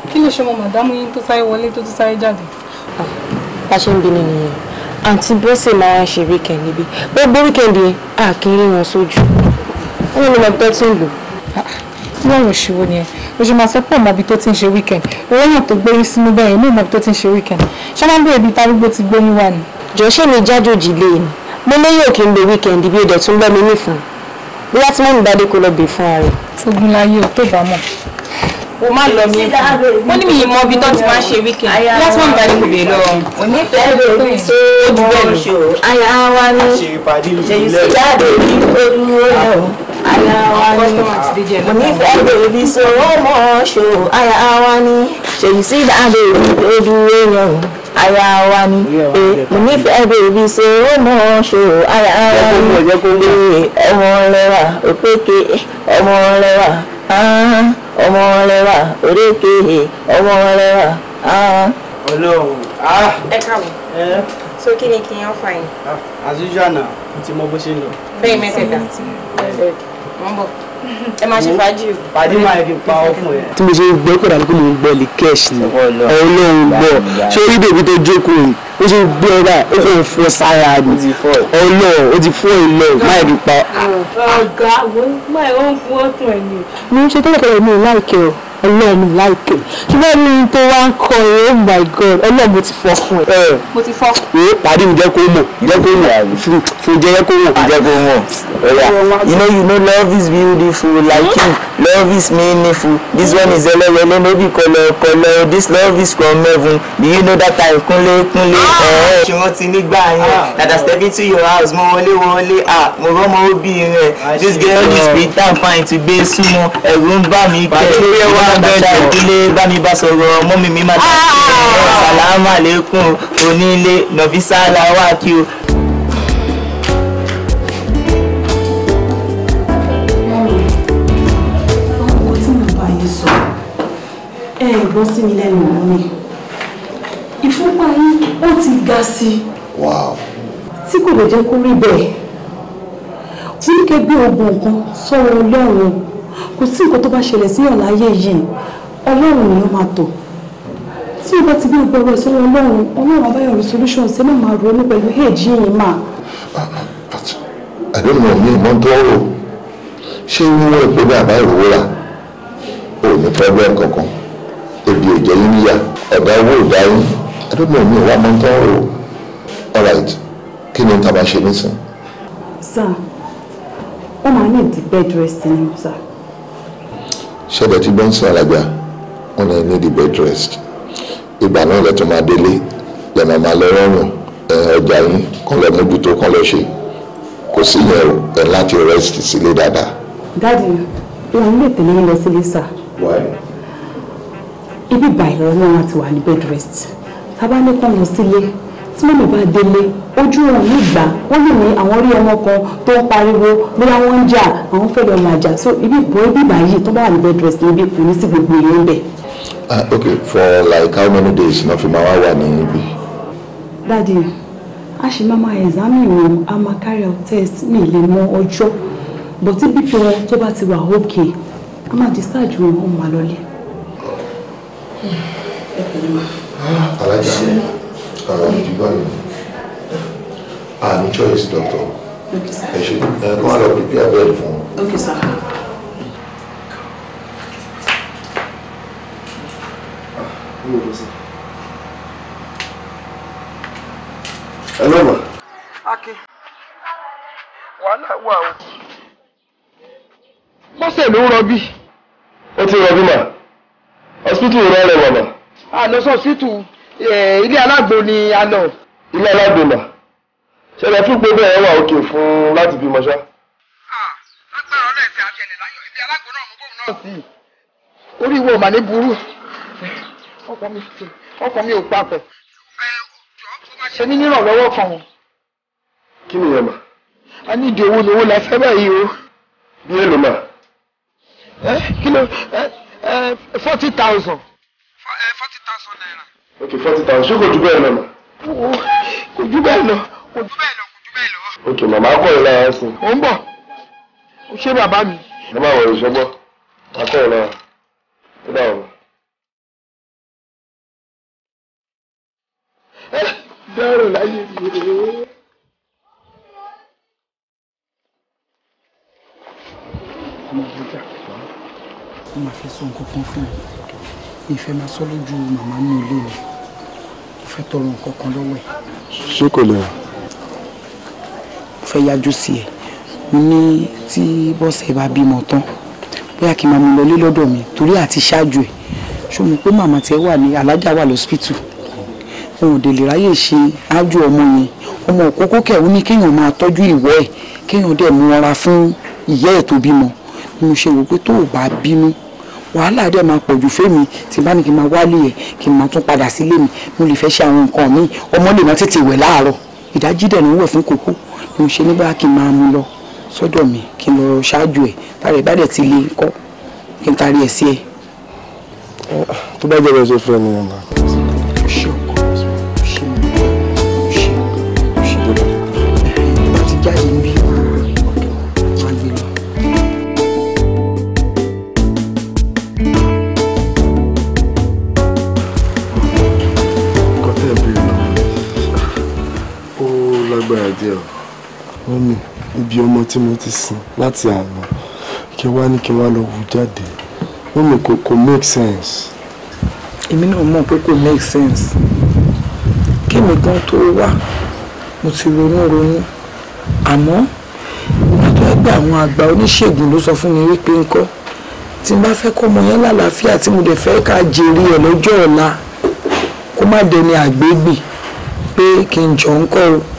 kí ló ṣe mọ màdámù yín tó sáré wọlé tó tún sáré jáde. Ah, bá a ṣe ń bínú nìyẹn àǹtí bọ́sẹ̀ máa ń ṣe wíkẹ̀ndì bí gbogbo wíkẹ̀ndì yẹn a kì í rí wọn sójú wọn ni wọn bẹ́ẹ̀ tí ń lò. lọ́rùn òṣìwò nìyẹn oṣù máa sọ pé ọmọ ibi tó ti ń ṣe wíkẹ̀ndì owó yàn tó gbórí sínú bẹ́ẹ̀ ní ọmọ tó ti ń ṣe wíkẹ̀ndì ṣọlá ń bèrè tá arúgbó ti gbóyún wà ni jọ ṣé mi jájòjì lé ni mo léyìn òkè ń lo wíkẹ́ndì bí o dẹ̀ tún gbọ́ mi nífun bóyá tí mọ́mí bá dé kó lọ bè fún ara rẹ̀. tógun láyé ò tó bá mọ̀. o má lọ mí fún mo ní mi mọ ibi tó ti máa ṣe wíkẹ́ndì bóyá tí mọ́mí bá dé kó bè lọ onífẹ̀ẹ́ lè tó ìṣó ojú bẹ́ẹ̀ lọ. àyà wa ni ṣèyí jáde ní olú rẹ̀ o àyà wa ni onífẹ̀ẹ́ lè rí sọ wọ́n mọ̀ ṣò àyà ni ṣèyí sí dáadé ní olú ara wa ni ìnífẹ̀ẹ́ bèbí ṣe ó mọ̀ ọ́n ṣe ò ara wa ni ọmọ ọlẹ́wà òkèké ọmọ ọlẹ́wà ah, ọmọ ọlẹ́wà òrékè ọmọ ọlẹ́wà. Ah. ọlọ́run ah. ẹ káwọ so kí ni kí n yàn fà yín. as usual na mo ti mọ bó ṣe ń lọ. bẹ́ẹ̀ mẹ́tẹ̀ẹ̀ta mo ń bọ̀ ẹ máa ṣe fàájì o. pàdé máa fi pa ọ fún ẹ. tí mo ṣe ń gbọ́ pẹ̀lú àlùkò mo ń gbọ́ lè kẹ́ẹ̀ṣì ni ọlọ́run gbọ́ ṣé orí bèbí tó jókòó yìí ó ṣe gbé ẹ báyìí ó fẹ́ fọ́ sára mi ọlọ́run ó ti fọ́ ilẹ̀ máa fi pa. ọ̀gá àwọn máa ń wọ́n tún ẹ̀ ní. mo ń ṣe tẹ́lẹ̀ tẹ́lẹ̀ mi láìkẹ́ o ọlọ́run láìpẹ́ ṣùgbọ́n mi tó wá ń kọ ẹ oh my god ọlọ́run mo ti fọ́ fún ẹ. Eh. mo ti fọ́. ee pàdé mi jẹ́ kó mọ̀ jẹ́ kó mọ̀ fún jẹ́ kó mọ̀ jẹ́ kó mọ̀ ọ̀yà you know you know love is beautiful like you love is meaningful this one is ẹlẹ́yẹlẹ́ no be kọlọ kọlọ this love is from heaven do you know that time kúnlé kúnlé ẹ̀ẹ́. Ah! Eh, eh. ṣé wọ́n ti nígbà yẹn dada ah. step into your house mo wọlé wọlé ah mo rọ́ mo bí rẹ̀ ah, this girl is pretty fine to gbé súnmọ́ ẹ̀rù ń bà mí kẹ́ ẹ̀ alágbẹ̀dẹ ìdílé bámibá sọ̀rọ̀ ọmọ mi mi máa tẹ̀ ẹ́ sàlámù àlékún onílé nọ̀físà làwọn àkí o. gbọ́ sí mi lẹ́nu ọ̀hún ni ìfúnpá yín ó ti ga sí i tí kò lè jẹ́ kó rí bẹ́ẹ̀ tí kẹ́ gbé ogun kan sọ̀rọ̀ ọlọ́run kò sí nǹkan tó bá ṣẹlẹ̀ sí ọ̀la ayé yìí ọlọ́run ni ó máa tọ̀ tí o bá bí o gbọ́dọ̀ sọ́wọ́ ọlọ́run ọlọ́run abáyọ̀rọ̀ solution ṣe máa máa ronú pẹ̀lú èjì yìí máa. àdéhùn mi ìmọ̀ tó rò ṣé wíwọ́ epo ní àbá ìrora ò ní problem kankan èdè òjò yín níyà ọ̀dà owó ìdá yín àdéhùn mi ìwà mọ̀ tó rò all right kí ni tá a bá ṣe nísìn. sir wọ́n máa ní ìdí bed rest sir ṣẹlẹ̀ tí gbọ́n sọ àlàgbà wọn náà ní the bed rest ìgbà náà lẹ́tọ̀ máa délé lẹ́nà máa lọ rọrùn ọjà yín kọ́ lọ mójútó kọ́ lọ ṣe kò sí yẹn o ẹ̀ láti rest sílé dáadáa. dáàdi wọn lè tẹ̀lé yín lọ sílé sà. ibi báyìí lọ́wọ́ wọn wà ní bed rest tábà ní kọ́ lọ sílé tí mọ̀mọ́ bá délé ojú òun ní ìgbà wọ́n lè ní àwọn rí ọmọ kan tó ń pariwo bóyá wọ́n ń jà àwọn fẹ́ lọ́ọ́ máa jà so ibi ìbò ibi ìbàyè tó bá wà ní bed rest ní kò ní sí gbogbo èèyàn bẹ̀. Ah, ok for like how many days na fi máa wá wà ní ibi. dadi a ṣì máa máa examine wọn a máa carry out test mi lè mọ ọjọ́ but ibi tí wọn tó bá ti wà ok a máa discharge wọn ó máa lọlé. ẹ pẹ̀lú wa. alájà ọ̀rọ̀ gidi gan ni a ní choice doctor eh, ẹ ṣe ẹ kọ́ àlọ́ pípẹ́ abẹ́rẹ́ fún un. Hello ma. Akin, wàhálà wà o. Bọ́sẹ̀ ló ń rọbí. Ó ti rọbí mà. Hospital rẹ̀ rẹ̀ wà mà. Àlọ́sọ̀ sítù ilé alágbo ni a lọ. ilé alágbo mà ṣẹlẹ̀ fún gbogbo ẹ wà òkè fún láti bímọ ṣá. agbára ọlọ́ọ̀ ẹ̀fẹ̀ àti ẹ̀nì láyọ̀ ilé alágbo náà mú bóun náà sí i. orí ìwọ mà ní burú ọkọ mi ò papọ̀ ṣe ní nírànlọ́wọ́ kan o. kí ni ìyẹn mà. a ní ìdí owó ni owó la fẹ́ báyìí o. bí èlò mà. ẹ kí ló ẹ ẹ forty thousand. forty thousand naira ok forty thousand ṣé kò jù bẹ́ẹ̀ lọ nà. kò jù bẹ́ẹ̀ lọ kò jù bẹ́ẹ̀ lọ kò jù bẹ́ẹ̀ lọ. ok màmá kọ̀ ọ́ lára sí. ò ń bọ̀ ṣé bàbá mi. ẹ má wọ̀ ìṣọ́gbọ́ akọ̀ ọ́ lára ó dà wọ̀. dárò láyé mi rèé. mo máa fẹ́ sọ nǹkan kan fún ẹ ìfẹ́ máa sọ lójú màmá ní ilé mi fẹ́ tọrọ nǹkan kan lọ́wọ́ ẹ̀. ṣé kò lè rà. mo fẹ́ yájú sí ẹ mo ní tí bọ́sẹ̀ bá bímọ tán bóyá kí n máa mú lọlé lọ́dọ̀ mi torí àti ṣáájú ẹ̀ ṣó mo pé màmá tiẹ̀ wà ní alájà wà lọ́sípítù òun ò dé lè ráyè ṣe ájú ọmọ yẹn ọmọ òkókó kẹ̀wé ní kéèyàn máa tọ́jú ìwẹ́ ẹ̀ kéèyàn dẹ̀ mú ọra fún ìyá ẹ̀ tó bímọ mo ṣe wò pé tó o bá bínú wàhálà dẹ̀ máa pọ̀jù fẹ́mi tí bá ní kí n máa wálé ẹ̀ kí n máa tún padà sílé mi mo lè fẹ́ ṣe àwọn nǹkan mi ọmọ lè má tètè wẹ̀ láàárọ̀ ìdájí dẹ̀ ló ń wẹ̀ fún kókó ni mo ṣe nígbà kí n máa mú lọ sọ́dọ̀ mi kí n lọ ṣáájú ẹ̀ tàbí bá dẹ̀ ti lè kọ́ kí n tarí ẹ̀ sí ẹ. tó bá jẹ́ bẹ́ẹ̀ ṣe fẹ́ ni ọ̀nà. dé o. wọ́n mi ibi ọmọ tí mo ti sìn láti àná kí wá ní kí wá lọ wù jáde wọ́n mi kò kò make sense. èmi náà mọ̀ pé kò make sense kémi gan tó wá mo ti ronú ronú àmọ́ nígbà tó ẹgbẹ́ àwọn àgbà oníṣègùn ló sọ fún mi wípé ńkọ́ tí n bá fẹ́ kọ́ ọmọ yẹn lálàáfíà tí mo dẹ̀ fẹ́ ká jèrè ẹ̀ lọ́jọ́ ọ̀la kó má dẹni àgbégbì pé kí n jọ ń kọ́ o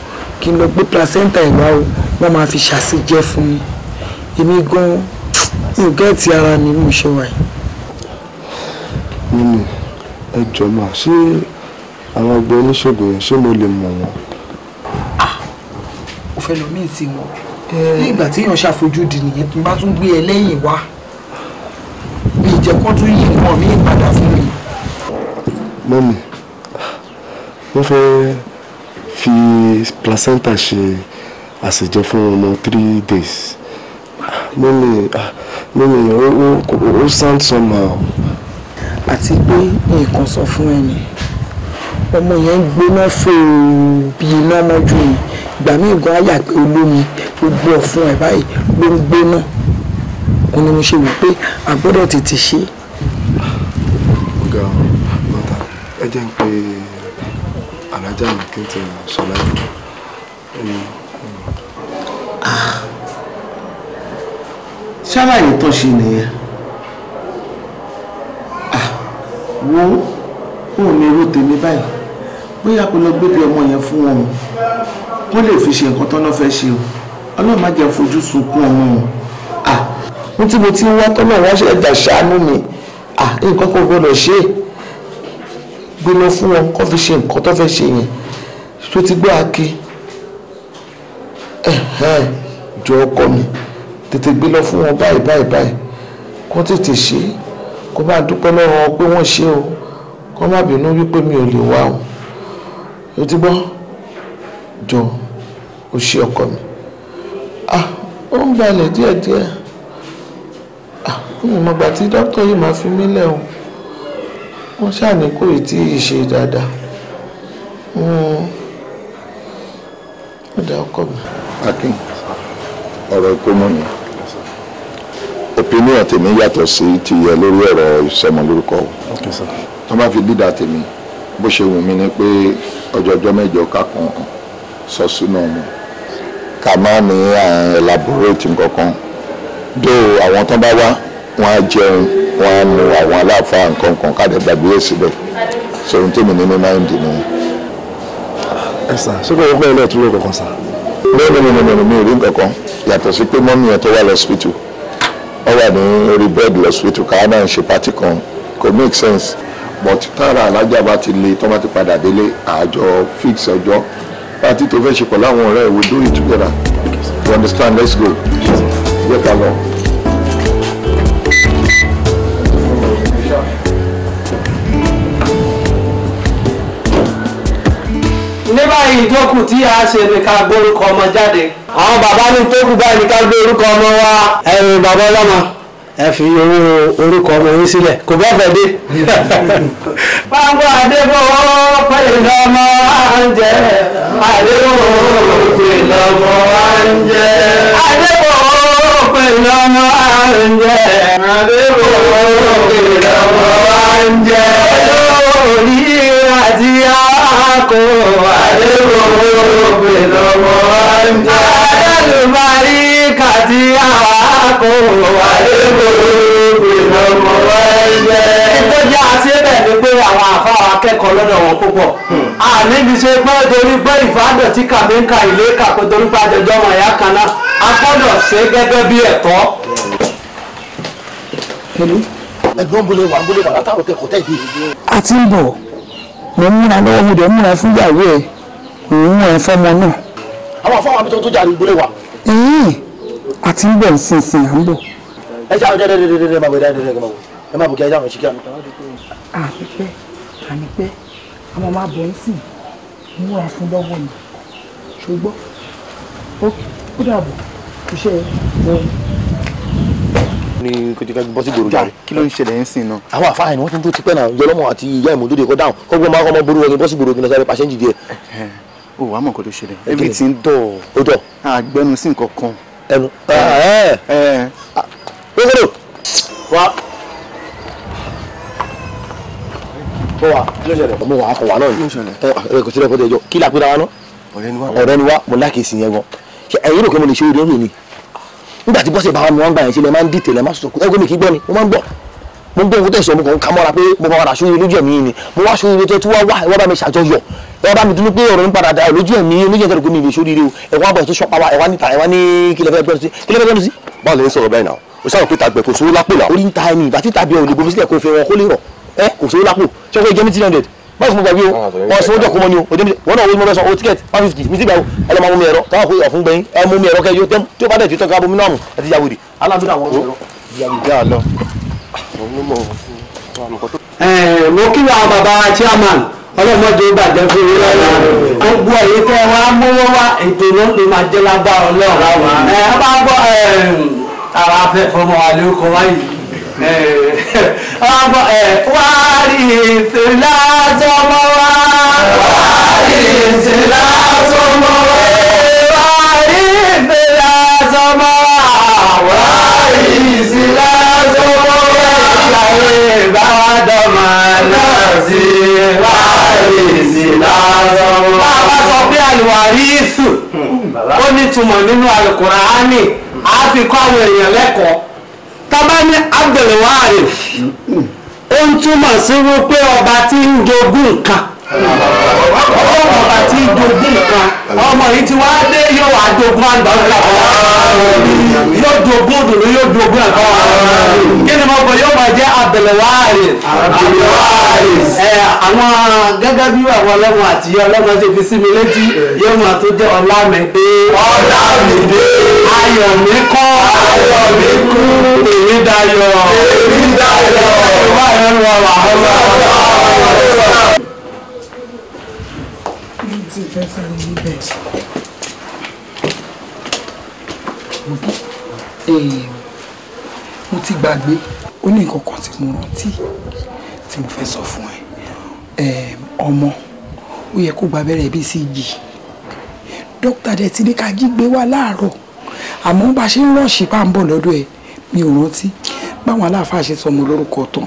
kí n lọ gbé placenta ìwá o wọ́n máa fi ṣàṣejẹ́ fún mi èmi gan-an mi ò gẹ́ẹ̀tì ara mi mo ṣe wà yìí. nínú ẹ jọ̀ọ́ mà ṣé àwọn ọgbẹ oníṣègùn yẹn ṣé mo lè mọ̀ wọ́n. ò ah, fẹ́ lọ míì tí wọn ní ìgbà tí èèyàn ṣàfojúdi nìyẹn tó bá tún gbé ẹ lẹ́yìn wá mi ìjẹ́kọ́ tún yí nǹkan mi padà fún mi. mọ́mì mo fẹ́ fi placenta ṣe àṣejẹ fún ọmọ three days mọ́mí ah, mọ́mí ó sound somehow. àti pé nǹkan sọ fún ẹni ọmọ yẹn ń gbóná fòòrò bí iná mọ́jú ni ìgbà míì gan ayàgbé olómi gbogbo ọ̀fun ẹ̀ báyìí ló ń gbóná òun ni mo ṣe wò pé a gbọ́dọ̀ tètè ṣe. ọ̀gá ọ̀tá ẹ jẹ́ ń pe alájà mi kí n ti sọlá yìí. ṣàlàyé tó ṣe nìyẹn wo òun ni irú tèmi báyìí bóyá kó lọ gbébi ọmọ yẹn fún wọn o kó lè fi ṣe nǹkan tọ́nà fẹ́ ṣe o ọlọ́run má jẹ́ fojú sunkún ọmọ o ah ní tí mo ti ń wá tọ́nà wá ṣe ẹ̀dà ṣàánú mi ah nǹkan kò gbọdọ̀ ṣe é gbé lọ fún wọn kó fi ṣe nǹkan tó fẹ́ ṣe yẹn tó ti gbé ake jọ ọkọ mi tètè gbé lọ fún wọn báyìí báyìí báyìí kó tètè ṣe kó bá dúpẹ́ lọ́wọ́ wọn pé wọ́n ṣe o kó má bínú wípé mi ò lè wá o o ti gbọ́ jọ o ṣe ọkọ mi ah ó ń balẹ̀ díẹ̀díẹ̀ ah mo mọ̀gbà tí dókítà yìí máa fi mí lẹ̀ wọ́n ṣàní kò ì tí ì ṣe dáadáa hmm. ó dá ọkọ mi. akin ọ̀rọ̀ ìkómọ yẹn opinion tèmi yàtọ̀ sí ti yẹ lórí ọ̀rọ̀ ìsọmọlórúkọ tó bá fi dídà tèmi bó ṣe wù mí ni pé ọjọ́jọ́ mẹ́jọ kakàn sọ sínú ọmọ ká má ní elaborate nǹkan kan dó àwọn tó bá wá wọ́n á jẹun wọ́n á mu àwọn aláàfáà nǹkan kan káàdé gbàgbé síbẹ̀ so ohun tèmi ní ní máìndì ni. ẹ sà ṣé kò wọ́n pẹ́ ilé ìtúrò kankan sà. bẹ́ẹ̀ ni mo mi ò rí nǹkan kan yàtọ̀ sí pé mọ́mí yẹn tó wà lọ́sibítù ó wà ní orí bẹ́ẹ̀dì lọ́sibítù káwọn náà ń ṣe pátì kan kò make sense but tára alájà bá ti le tó bá ti padà délé àjọ fix ọjọ́ pátì tó fẹ́ ṣe pọ̀ láwọn ọ̀rẹ́ we do it together you understand let's go. Yes, báyìí tó kù tí a ṣe ni ká gbórúkọ ọmọ jáde. àwọn bàbá ní tó báyìí ni ká gbé ọmọ wa. ẹ̀yin bàbá ọlọ́mọ ẹ fi owó orúkọ ọmọ yín sílẹ̀ kò bá fẹ́ dé. [LAUGHS] pápá adébọ̀wọ́ pẹ̀lú ọmọ àǹjẹ́ adébọ̀wọ́ pẹ̀lú ọmọ àǹjẹ́ adébọ̀wọ́ pẹ̀lú ọmọ àǹjẹ́ adébọ̀wọ́. kó pé àwọn pé torí pé kàmínkà ilé kàpé torí pé àjọjọ́ ọmọ ìyá kan náà ṣe gẹ́gẹ́ bí ẹ̀tọ́. Ẹ̀gbọ́n bolè wà bolè wà látàrọ̀ kẹ́kọ̀ọ́ tẹ̀ mo múra lọ́wọ́ mo dẹ̀ múra fún ìyàwó ẹ̀ mo ń múra fọ́mọ náà. àwọn afọ àwọn abitọ́ tó jà ní ìgbélé wa. ẹ̀yìn àti ń bọ̀ nísinsìnyí à ń bọ̀. ẹ ṣe àwọn ọjọ́ dẹ́dẹ́ dẹ́dẹ́ máa bọ̀ dẹ́dẹ́ dẹ́dẹ́ máa bọ̀ ẹ máa bọ̀ kí ẹ dáhùn ṣíkí àmì. ànípẹ́ ànípẹ́ àwọn máa bọ̀ nísìn múra fún lọ́wọ́ ni ṣùgbọ́n ó dàbọ̀ iṣẹ́ ẹ̀ ní kò jẹ́ ká bọ́ sí gbòòrò jàre. kí ló ń ṣẹlẹ̀ ń sìn náà. àwọn àfáàyàn wọn ti ń tó tipẹ́ náà yọlọ́mọ àti ìyá ìmọ̀dóde kọ́ dáhùn kọ́ gbọ́n máa kọ́ ọmọ borúwọ́ kí n bọ́ sí gbòòrò kí n lọ sáré pàṣẹ jìdí ẹ̀. o wàá mọ̀ kó tó ṣẹlẹ̀ everything dọ̀ ó dọ̀. àgbẹnu sí nǹkan kan. ẹnu ẹ ah, ẹ gbẹgbẹdọ ah, wa mo wa mo wa akọwa náà yìí ẹ ẹ kò tilẹ̀ kó tẹ̀ jọ kí làpẹ́ ra wa ọ̀rẹ́ ni wa mo lákèsí yẹn gan ẹ̀yin ló kẹ́ mo lè ṣe orí ọ̀rọ̀ ni nígbà tí bọ́sẹ̀ bá wà ní wọ́n gbà yẹn sílẹ̀ máa ń dìtẹ̀ lẹ́ máa sọ̀kú ẹgbẹ́ mi kì í gbọ́ ni mo máa ń gbọ́ mo gbọ́ ohun tó sọ mo kàn ń ka mọ́ra pé mo bá wà láṣọ yìí lójú ẹ̀mí yìí ni mo wá aṣọ yìí tó tí wọ́n wá ẹ wá bá mi ṣàjọyọ̀ ẹ wá bá mi dúró pé ọ̀rọ̀ ń padà dá lójú ẹ̀mí lójú ẹ̀tẹ̀rẹ̀ gómìnà ìṣó rírì o ẹ wá bọ̀ tó ṣọpa wa ẹ wá níta ẹ wá ní kílẹ̀ fẹ́ gbẹ́nu sí kílẹ̀ fẹ́ gbẹ́nu sí. báwo lè ń sọ̀rọ̀ bẹ́ẹ̀ náà o sábà pé tàgbẹ̀ kò sówó lápò náà. orí ń ta ẹni ìgbà tí tàbí ò báyìí fún gbàgbé o wọn sọ ọjọ́ kọmọ ni o ọjọ́ wọn náà wo mo fẹ́ sọ o ticket one fifty mi ti gbà o ẹ lọ máa mú mi ẹ̀rọ káwá kó ìyàfún gbẹ̀yìn ẹ mú mi ẹ̀rọ kẹjọ tẹ tí o bá dẹ̀ tí o tọ́ ká bomi náà mú ẹ ti yà wèrè aládùn àwọn ọ̀rọ̀ ìyá lọ. mo kí wa bàbá chairman ọlọ́mọdé bàjẹ́ fún mi lọ́la gbogbo èyí tẹ́ wá mówó wá ètò ló ló máa jẹ́ lágbára ọlọ́run ẹ bá gbọ́ ara fẹ́ fọmọ àlékún wáyé Eh, [LAUGHS] ọmọ ẹ wá rí ìsìlá tọmọ wá. wá rí ìsìlá tọmọ wá. wá rí ìsìlá tọmọ wá. wá rí ìsìlá tọmọ wá. ìgbàlè ìbáradọ́mọ náà sí wá tábà ní Abdul Warif mm. ó ń túmọ̀ sí wípé ọba tí ń jogún nǹkan ọmọ bàtí jogún nǹkan ọmọ yìí ti wá dé yóò wá jogún àgbàlagbà yóò jogún òdòdó yóò jogún ẹ̀kọ́ kí ni mo bọ̀ yóò máa jẹ́ abẹ̀lẹ̀wáàrì ẹ̀ àwọn gẹ́gẹ́ bí àwọn ọlọ́run àti ọlọ́run ṣe fi sí mi létí yóò máa tó jẹ́ ọlámẹ́dé ọlámẹ́dé ayọ̀ mi kọ́ ayọ̀ mi kú èmi dayọ̀ èmi dayọ̀ ìwà ìrọ̀rùn àwọn ọlọ́run fẹ́ sáré níbẹ̀. mo ti gbàgbé ó ní nǹkan kan tí mo rántí tí mo fẹ́ sọ fún ẹ ọmọ ó yẹ kó gba abẹ́rẹ́ BCG dókítà dẹ̀ ti ní ká jí gbé wá láàárọ̀ àmọ́ bá ṣe ń rọ̀ṣì bá ń bọ̀ lọ́dọ̀ ẹ̀ mi ò rántí báwọn aláàfáà ṣe sọmọ lórúkọ tán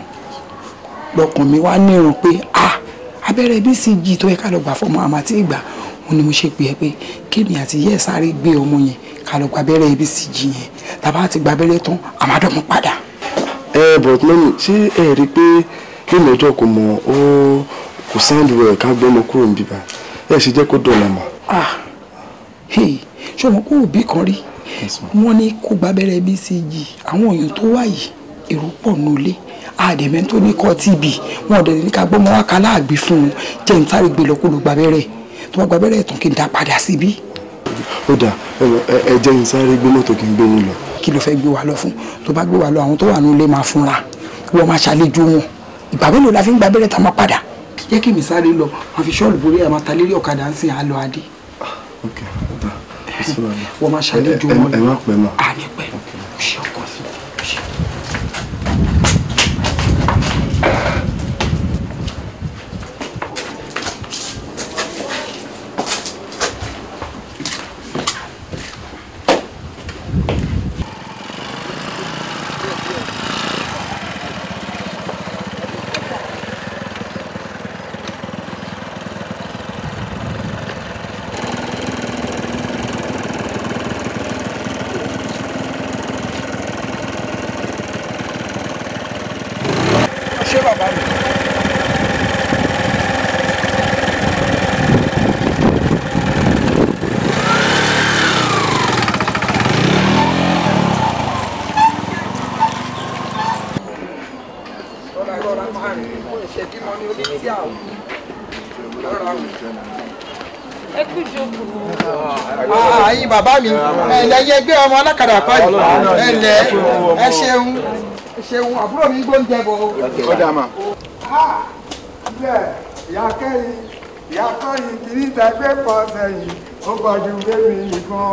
lọkàn mi wá níran pé ah abẹ́rẹ́ BCG tó yẹ ká lọ gbà fọmọ àmọ́ àti ìgbà wọn ni mo ṣe pè é pé kémi àti yẹ́ sáré gbé ọmọ yẹn ká lọ gba abẹ́rẹ́ ibi sì jí yẹn tàbá ti gba abẹ́rẹ́ tán àmàdọ́mọ padà. ẹ bọ̀t mọ́mí ṣé ẹ rí i pé kémi ọjọ́ kò mọ̀ ó kò sáǹdì rẹ̀ ká gbọ́mọ kúrò níbí bá ẹ ṣe jẹ́ kó dọ̀là mọ́. Ah, ṣé ọmọ kó òbí kan rí wọn ní kó gba abẹ́rẹ́ ibi sì jí àwọn èèyàn tó wà èrò pọ̀ nulẹ̀ àdèmẹ́ntó ní kọ́ tíìbì wọn ọ̀dẹ̀ ní ká gbọ́mọ wákàlà àgbẹ̀ fún un jẹ́ ń sáré gbé lọ kó tó bá gba abẹ́rẹ́ ìtàn kí n dá padà síbí. ó dà ẹ jẹ́ n sáré gbé mọ́tò kí n gbé wọn lọ. kí ló fẹ́ gbé wa lọ fún tó bá gbé wa lọ àwọn tó wà ní ilé máa fúnra wọ́n máa ṣàlejò wọn ìgbà mélòó la fi ń gba abẹ́rẹ́ tá a máa padà jẹ́ kí mi sáré lọ wọn fi ṣọ́ọ̀lù borí ẹ̀ máa ta lérí ọ̀kadà ń sìn àlọ́ adé. Ah, wọ́n máa ṣàlejò wọn ẹ má pẹ́ mọ́. àní pẹ́ ṣọkọ. ni ẹ̀yẹ ẹgbẹ́ ọmọ alákàdá àpáyì ẹ̀lẹ́ ẹ ṣeun ṣeun àbúrò mi gbóúnjẹ bọ̀ o. ilẹ̀ ìyá kẹ́yìn ìyá kọ́yìn kìíní ìtàgbé pọ̀ sẹ́yìn ó gbọ́dọ̀ gbé mi nìkan.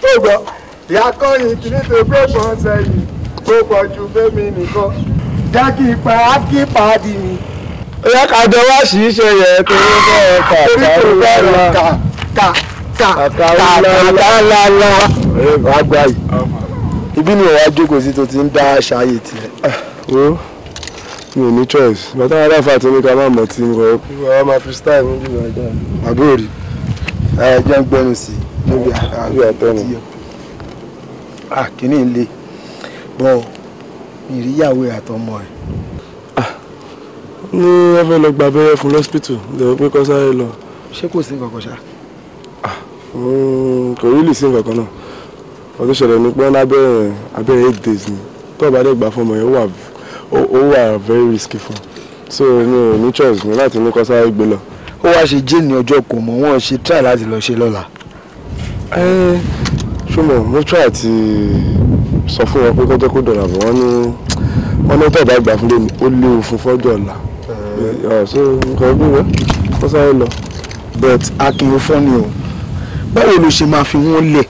tó gbọ́ ìyá kọ́yìn kìíní ìtàgbé pọ̀ sẹ́yìn ó gbọ́dọ̀ gbé mi nìkan. jẹ́ kí ipa á kí ipa dì mí ká jọ wá sí yẹn torí bẹ́ẹ̀ kà ká ló bá lọ kà kà tàtàlálá àgbà yìí ibi ni ìwà jókòó sí tó ti ń dá àṣà ayé tiẹ̀. Ah, mi ò ní choice bàtà wọn láfa àti oníkà máa mọ̀ tí n rọ ọ́ máa fi style níbi ìwà ìjà àbúrò rí ẹjọ́ ń gbẹ́nu sí níbi àárẹ̀ àtọ́nu kínní le bọ́ ìríyàwó àtọmọ ẹ̀. Ah, ní ẹ fẹ́ lọ gba abẹ́rẹ́ fún lọ́sípítù lẹ́yìn pé kọ́sáré lọ. ṣé kò sí nǹkan ṣáà. Hmm, kò rí lè sí nǹkan kan náà wọ́n tó ṣẹlẹ̀ ní pé wọ́n lábẹ́rẹ̀ abẹ́rẹ́ eight days ni tó bá dẹ̀ gbà fún ọmọ yẹn ó wà very risky fún so mi ò ní choice mi láti ní kọ́ sáré gbé lọ. ó wáá ṣe jíìn ní ọjọ́ kò mọ̀ wọ́n ṣe try láti lọ ṣe lọ́la. ṣùgbọ́n mo try àti sọ fún wọn pé kọ́jọ́ kó dọ̀là bọ̀ wọ́n ní wọ́n ní tọ́ọ̀bá gbà fún lónìí ó léwu fún fọ́jọ́ ọ̀la. so nǹkan ẹgbẹ́ rẹ̀ kọ́ sáré lọ but akin fọ́ ni o báwo ló ṣe máa fi wọ́n lẹ̀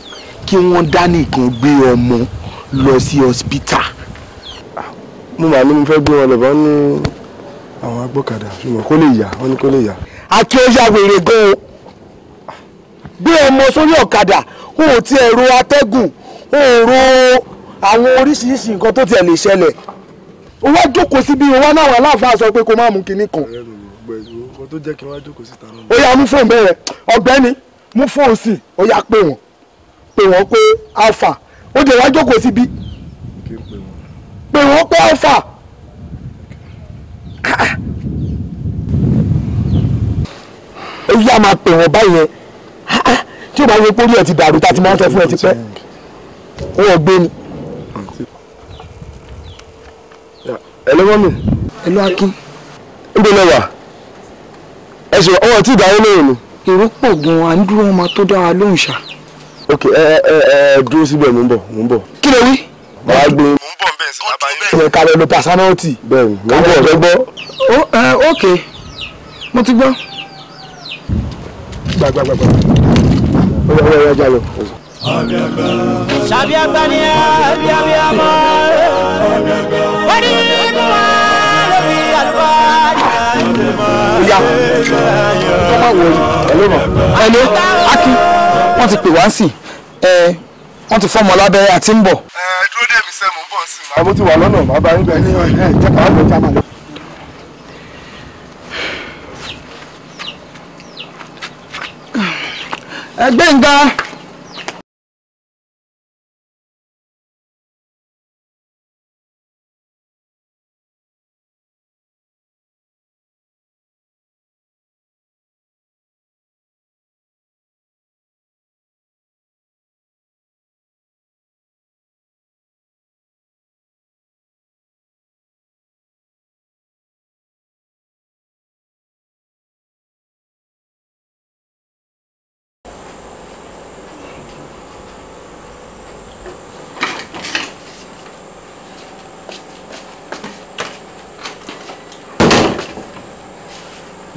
kí wọ́n dání gbé ọmọ lọ sí hospital. Ah, mo mà ní mo fẹ́ gbé wọn lọ bá ní àwọn agbókàdá ṣùgbọ́n kó lè yá wọn ni kó lè yá. àti ó ya wèrè gan-an bí ọmọ sórí ọ̀kadà o ò tiẹ̀ ro atẹ́gùn o ò ro àwọn oríṣiríṣi nǹkan tó tiẹ̀ lè ṣẹlẹ̀ o wá jókòó síbi ìwọ náà wà láàfáà sọ pé kó má mú kinní kan. ó yá mú fóònù bẹ́ẹ̀ rẹ̀ ọ̀gbẹ́ni mú fóònù sí ó yá pé wọ́n pé wọ́n pé alpha ó dẹ̀ wá jókòó síbi pé wọ́n pé alpha. ó yá máa pè wọ́n báyìí yẹn tí ó bá yẹ pé orí ti dàrú tá a ti máa ń sọ fún ẹ ti pẹ́ wọ́n gbé ni. ẹ mi. ẹ akin. ń bẹ lọ wà ẹ ṣe ọwọ́ tí ìdáwó lóyún ni èrò pọ̀ gan-an à ń dúró ọmọ tó dá wa lóhùn ṣá. ok ẹ ẹ ẹ dúró síbẹ̀ mò ń bọ̀ mò ń bọ̀. kí ló wí. bàbá gbé mò ń bọ̀ bẹ́ẹ̀ sí bàbá yín. ẹ kálẹ̀ lọ pàṣánọ́ọ̀tì. bẹ́ẹ̀ni mò ń bọ̀ ọ̀rẹ́ gbọ́. ok mo ti gbọ́. gbàgbàgbàgbà ó yẹ ó yẹ ọjà lọ. sàbíàgbà ni ẹ bí abiyamọ wọ́n ní ìgbà ìyá tó má wọ ẹ̀ló mọ̀. ẹ̀ló aki wọ́n ti pè wá sí ẹ wọ́n ti fọ́ọ̀mù alábẹ́rẹ́ àti ń bọ̀. ẹ dúró dé mi sẹ́mu bọ̀ sí i. àmọ́ ti wà lọ́nà bàbá ń gbẹ ní ọ̀hẹ́ jẹ́ ká lọ jáma lọ. ẹ gbẹ̀ngà.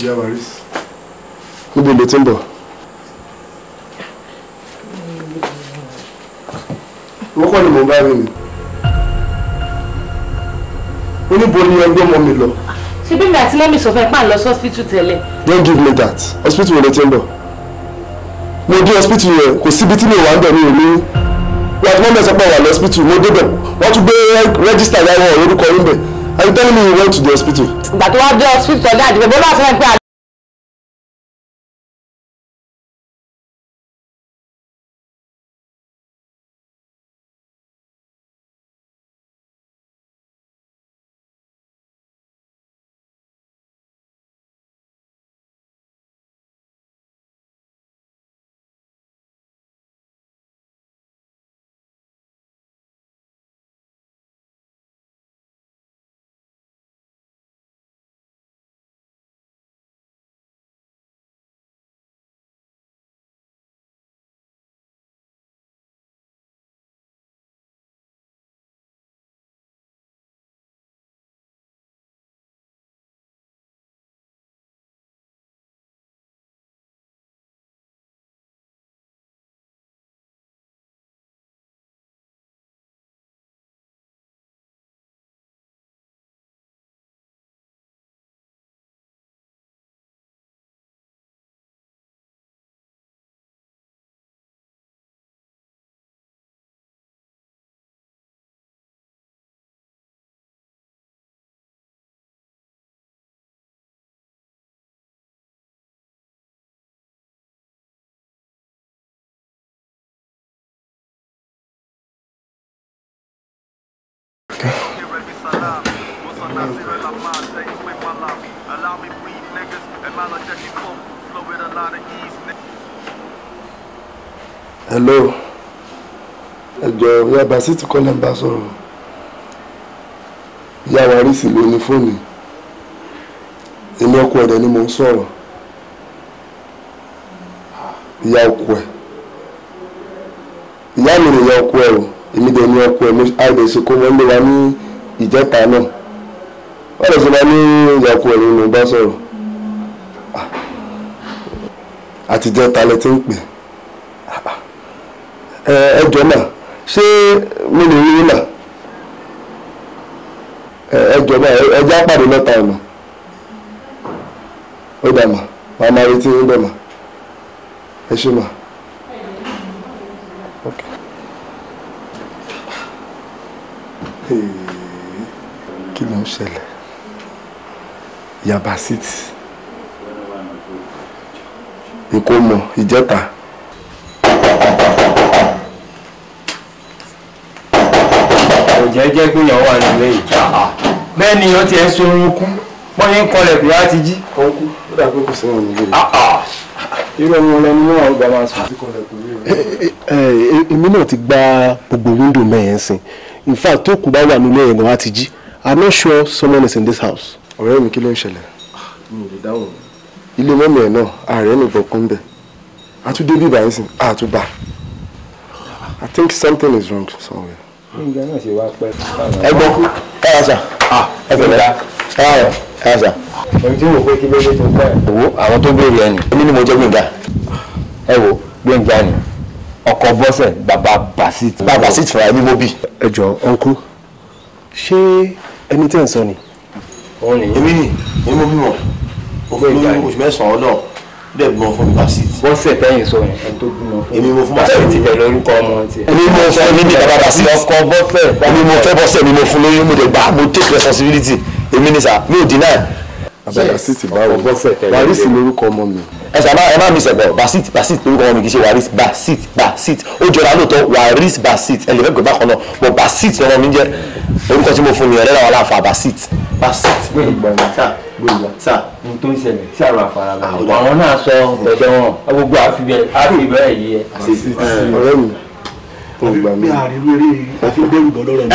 ìjà wàrí. níbo ló ti ń bọ̀. wọ́n kọ́ ni mò ń bá rìn ni. oníbo ni ẹgbẹ́ mọ́ mi lọ. ṣé bí mi àti mọ́mí Man, fún ẹ pa lọ hospital tẹ́lẹ̀. don't give me that hospital wo ló ti ń bọ̀. mo dé hospital yẹn kò síbi tí mi ò wá ń bẹ̀ mi ò ní wọ́n ti mọ́mí ẹ sọ pé wà lọ́sípítù mo débẹ̀ wọ́n tún gbé rẹ́gísítà yàrá orúkọ yín bẹ̀ you telling me you went to the hospital. That tó wá dé hospital that àdìgbò bó lọ́wọ́ fẹ́ràn hello ẹjọ yaba sí ti kọ́lẹ̀ ń bá sọ̀rọ̀ ìyá wa rí sí lóní fóònù èmi ọkọ rẹ ni mo ń sọ̀rọ̀ ìyá ọkọ ẹ ìyá mi nìyá ọkọ ẹ o èmi dẹ̀ ni ọkọ ẹ mi àìdè ṣe kó wọ́n lé wa ní ìjẹta náà wọ́n lè fúnra ní ìyàkú ẹ̀rí ni bá sọ̀rọ̀ àtijọ́ talẹ̀ ti ń pè ẹ jọ mà ṣé mi lè rí mà ẹ jọ mà ẹ já pàdé mẹ́ta ọ̀nà ó dà mà màá máa retí yín bẹ́ẹ̀ mà ẹ ṣe mà. Okay. Hey, kí ló ń ṣẹlẹ̀? yaba city ìkómọ ìjẹta. ọ̀jẹ̀ jẹ́ pé èèyàn wà nílé yìí. bẹ́ẹ̀ ni ó ti ẹ̀ sorun kú wọ́n ní kọlẹ̀ bí wá ti jí. òun kú ó dà pé kò sí ọ̀run nílé yìí. irú ọmọ ọlọ́ni náà ó gba máa sùn. èmi náà ti gba gbogbo wíńdò mẹ́yẹn sìn in fact tó kù bá wà nílé yẹn gan-an á ti jí i'm not sure someone is in this house ọ̀rẹ́ mi kí ló ń ṣẹlẹ̀. ilé mọ́mì ẹ̀ náà ààrẹ nìkan kún bẹ̀ àtúndé bíbá ẹ̀ sìn àtúbà I think something is wrong somewhere. ǹjẹ́ náà ṣe wá pẹ́. ẹ gbọ́ ẹ yà sà ah, ẹ fẹ́ dá ẹ yà rẹ̀ ẹ yà sà. èyí tí mo pé kí lóde tó kẹ́ ẹ̀. wo àwọn tó béèrè ẹni èmi ni mo jẹ́ gbẹ̀ngà ẹ wo gbẹ̀ngà ni ọkọ bọ́sẹ̀ bàbá basit bàbá basit fúnra ẹni mo bì. ẹ jọ ọkú ṣé ẹni tẹ́ ń sọ ni òun nìyẹn èmi ni èmi mo bímọ mo fún mi oṣù mẹ́sàn-án ọ̀dọ̀ dẹ̀ bímọ fún mi basit. wọ́n sì tẹ́yìn sọ yẹn ẹni tó bímọ fún mi. èmi mo fún basit. basit bẹ̀rẹ̀ lórúkọ ọmọ tiẹ̀. èmi mo fẹ́ èmi ni bàbá basit. ọkọ bọ́fẹ̀. èmi mo fẹ́ bọ́sẹ̀ mi mo fún lóyún mo dẹ̀ gbà mo take responsibility èmi ni sà mi ò deny. abẹ́ basit báwo barisi lórúkọ ọmọ mi ẹsẹ ẹ má mi sẹbẹ basit basit lórúkọ ọmọ mi kì í ṣe waris basit basit ó jọra lóòótọ́ waris mo fún mi ẹ lẹ́nu àwọn pásítì gbòǹgbà sà gbòǹgbà sà ní tó ń ṣẹlẹ̀ sí àrùn àfarabà. àwọn náà sọ ọ̀dọ̀ wọn gbogbo àfibẹ̀ àfibẹ̀ yìí ẹ. ọ̀rẹ́ mi tó gbà mí.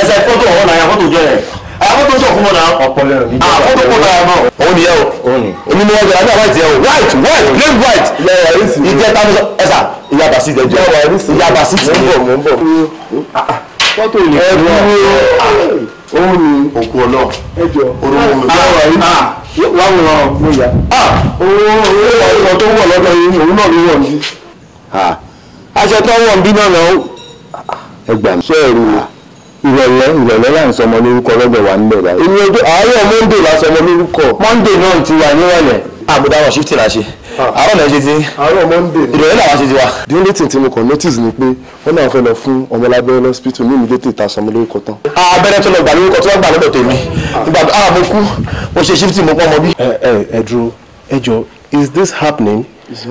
ẹsẹ̀ fọ́tò ọ̀hún náà fọ́tò jẹ́ rẹ̀ àfọ́tò sọ̀kún mọ́ náà. ọpọlọ mi jẹ́ àfọ́tò ah, kọ́ náà mọ́. òun ni yẹ o èmi ni wọ́n jẹ́ àbí àbájẹ́ o white white white ìjẹta ẹ̀sà ìyàbà sí ìjẹjẹ ìyàbà sí ìjẹjẹ ó ní òkú ọlọ́run orúkọ mi bá wà yìí láwọn ọ̀rọ̀ mo yà owó ọkọ̀ tó wọ̀ lọ́dọ̀ yìí òun náà ló wọ̀ ní. Ah. aṣọ tó wọ̀ ń bí náà náà ẹ gbà mí. sẹ́ẹ̀rù ah. ìrọ̀lẹ́ ìrọ̀lẹ́ là ń sọmọ lórúkọ lọ́dọ̀ wà ń bẹ̀ báyìí. èmi ojú àárọ̀ monday la sọmọ lórúkọ monday náà ti wà nírọ̀lẹ́ àbúdá ah, wọn ṣífìtì là ṣe ah. àárọ̀ náà ṣe ti àárọ̀ monday ìrọ̀lẹ́ làwọn ṣe ti wa. the only thing tí mo kàn notice ni pé wọ́n náà fẹ́ lọ fún ọmọ lábẹ́rẹ́ ní ìmúlẹ̀ tètè ìtasọ̀ lórúkọ tán. Ah, abẹ́rẹ́ tó lọ gbà lórúkọ tó wọ́n gbà lọ́dọ̀ tèmi ìgbà tó àbò kú mo ṣe ṣífìtì mo pọ́n ọmọ bí. ẹ ẹ ẹ dúró is this happening?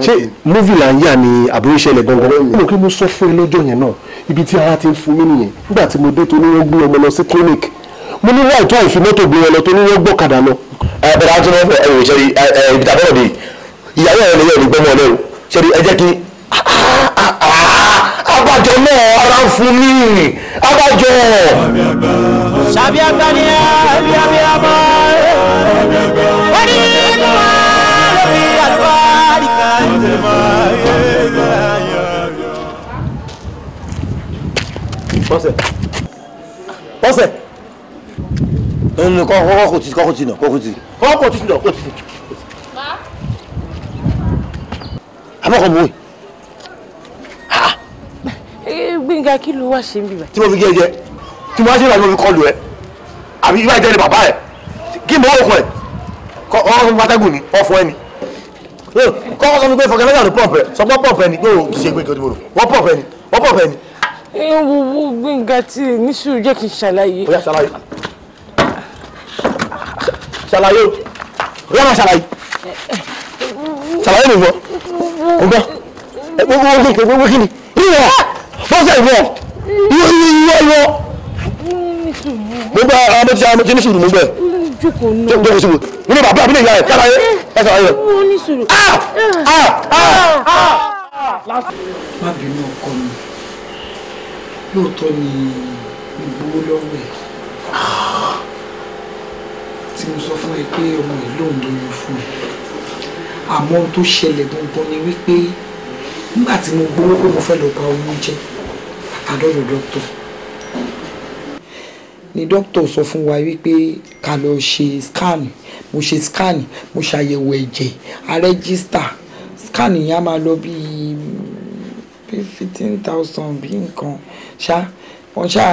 ṣé múvì là ń yà ní àbúrò ìṣẹ̀lẹ̀ gangan mo kí mo sọ fún ẹ lọ́jọ́ yẹn náà ibi tí ara ti ń fún mi nìyẹn nígbà tí mo dé tó ní wọ́n gbé ọmọ lọ sí clinic mo ní wáìtọ́ ìfimọ́tò gbé wọn lọ tó ní wọ́n gbọ́kadà lọ bẹ̀rẹ̀ àti wọn ẹ wò sẹ́rí ìbìtà bọ́ọ̀ de ìyàwó ẹ̀ lóye ìdúgbọ́n mọ́ ọlẹ́rù sẹ́rí ẹ jẹ́ kí ah, ah, ah, abájọ náà ara ń fún mi abájọ. sàbí agbani ẹnu kọ́kọ́ kò tí kọ́kọ́ tí nà kọ́kọ́ tí. kọ́kọ́ tí nà kọ́kọ́ tí. abọ́kọ̀ mọ̀ wẹ̀. Gbénga kí ló wá ṣe ń bíbá. tí mo fi gé ẹjẹ tí mo wá ṣe ìbàdí mo fi kọlu ẹ àbí ìbá ìjẹni bàbá ẹ kí n bọ́ òkun ẹ kọ́ ọ́ fún pátágùn ni ọ̀fọ̀ ẹni kọ́kọ́ sọ fún pé fọkànlẹ́yà ló pọ̀pẹ́ sọ pé pọ̀pẹ́ ni pé o kì í ṣe pé kí o ti mo lò wọ́n pọ̀pẹ́ ni wọ́n pọ̀pẹ́ ni. ewu Gbénga tí níṣu jẹ́ kí n ṣàlàyé. ó yá ṣàlàyé ṣàlàyé o wọ́n máa ṣàlàyé ṣàlàyé mi gbọ́ o gbọ́ gbogbo kí ni gbogbo kí ni ìwọ bọ́sẹ̀ ìwọ ìwọ ìwọ ìwọ gbogbo àwọn ọmọ tí a ti ní sùúrù mú bẹ́ẹ̀ jókòó náà sùúrù nínú bàbá àbílẹ̀ ìyá ẹ̀ ṣàlàyé ẹ ṣàlàyé. mo ní sùúrù. Ah! Ah! Ah! má bínú ọkọ mi lóòótọ́ ni ìgbowó lọ́wọ́ ẹ̀ mo sọ fún ẹ pé ọmọ ìlú òun ló yan fún ẹ àmọ́ ohun tó ṣẹlẹ̀ gbọ̀ngàn ni wípé nígbà tí mo gbowó pé mo fẹ́ lọ gba oyún jẹ àtàdọ́dọ̀ dókítà ni dókítà sọ fún wa wípé ká lọ ṣe scan mo ṣe scan mo ṣàyẹ̀wò ẹ̀jẹ̀ a rẹ́gísítà scan yẹn a máa lọ bíi bíi fifteen thousand bíi nǹkan ṣá wọ́n ṣá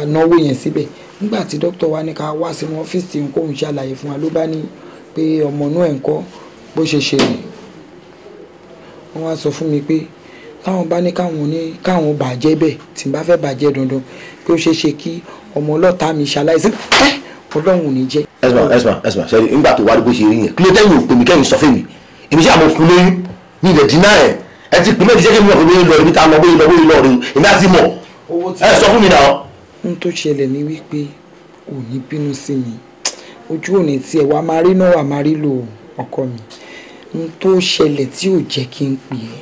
ànáwó yẹn síbẹ̀ nígbà tí dókítà wa ní ká wá sínú ọ́fíìsì tí nǹkó ń ṣàlàyé fún wa ló bá ní pé ọmọ náà ń kọ́ bó ṣe ṣe rè wọ́n wá sọ fún mi pé táwọn bá ní káwọn ní káwọn bàjẹ́ bẹ́ẹ̀ tí n bá fẹ́ bàjẹ́ dandan pé ó ṣeé ṣe kí ọmọ ọlọ́ta mi ṣaláìsí ẹ́ ọlọ́run ò ní jẹ́. ẹsùn ẹsùn ẹsùn ṣe nígbà tó wá bó ṣe rí yẹn kí ló tẹ́yìn òpè mi kẹ́yìn sọ fún mi èmi ṣe àmọ́ fún lóyún ní ilẹ̀ dínà ẹ̀ ẹ ti pè mẹ́rin jẹ́ kí mi mọ̀ pé lóyún lọ ibi tá a lọ bóyún lọ bóyún lọ rí èmi á ti mọ̀ ẹ sọ fún mi náà ohun tó ṣẹlẹ̀ ni wípé ò ní bínú sí mi ojú òní tiẹ̀ wàá máa rí náà wàá máa rí lò ọkọ mi ohun tó ṣẹlẹ̀ tí ò jẹ́ kí n pè é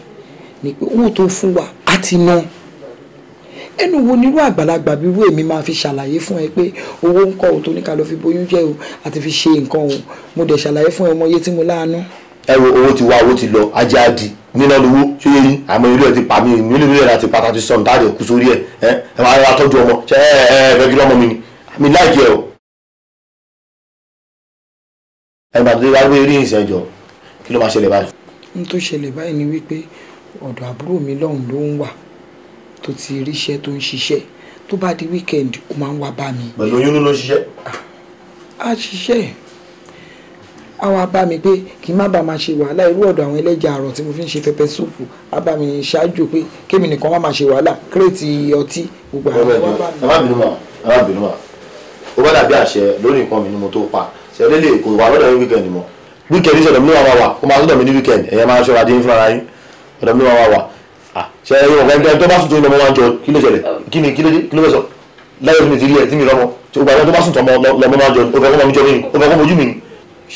ni pé owó tó fún wa á ti ná ẹnu wo nírú àgbàlagbà bí irú èmi máa fi ṣàlàyé fún ẹ pé owó ń kọ́ o tó ní ká lọ fi bóyún jẹ́ o àti fi ṣe nǹkan o mo dẹ̀ ṣàlàyé fún ẹ ọmọ iye tí mo láàánú. ẹ wo owó ti wá owó ti lọ ajá di níná lówó ṣé yé yín àmọ́ ilé ẹ̀ ti pa mí ìmí ilé ẹ̀ ti pa tàbí sọ̀n dáàdì kú sórí ẹ̀ ẹ̀ máa yára tọ́jú ọmọ ṣe ẹ̀ ẹ̀ fẹ́ kí lọ́mọ mi ni mi láìkí ẹ̀ o. ẹ̀ bàtà tó yẹ wá rí ìṣẹ́jọ kí ló máa ṣẹlẹ̀ báyìí. n tó ṣẹlẹ̀ báyìí ni wípé ọ̀dọ̀ àbúrò mi lọ́hùn ló ń wà tó ti ríṣẹ́ tó ń ṣiṣẹ́ tó bá di wíkẹ́ndì ó máa ń wá bá mi. pẹ̀lú oyún ló ń ṣiṣẹ́. a ṣiṣẹ́ á wá bá mi pé kí n má bàa máa ṣe wàhálà irú ọ̀dọ̀ àwọn ẹlẹ́ja àrọ̀ tí mo fi ń ṣe pẹpẹ súùpù á bá mi ṣáájú pé kémi nìkan má máa ṣe wàhálà kírètì ọtí gbogbo àwọn ọmọ bá mi. ẹ má bínú mà ẹ má àṣẹ lórí nǹkan mi ni mo tó pa ṣe lé lè kó wà lọ́dọ̀ ní weekend mọ́ weekend ní sọ̀dọ̀ mi ló wà wà kó máa sọ̀dọ̀ mi ní weekend ẹ̀yẹ máa ṣọ́ra dín fúnra yín sọ̀dọ̀ mi ló wà wà ṣe ẹ̀yẹ ọ̀gá ẹni tó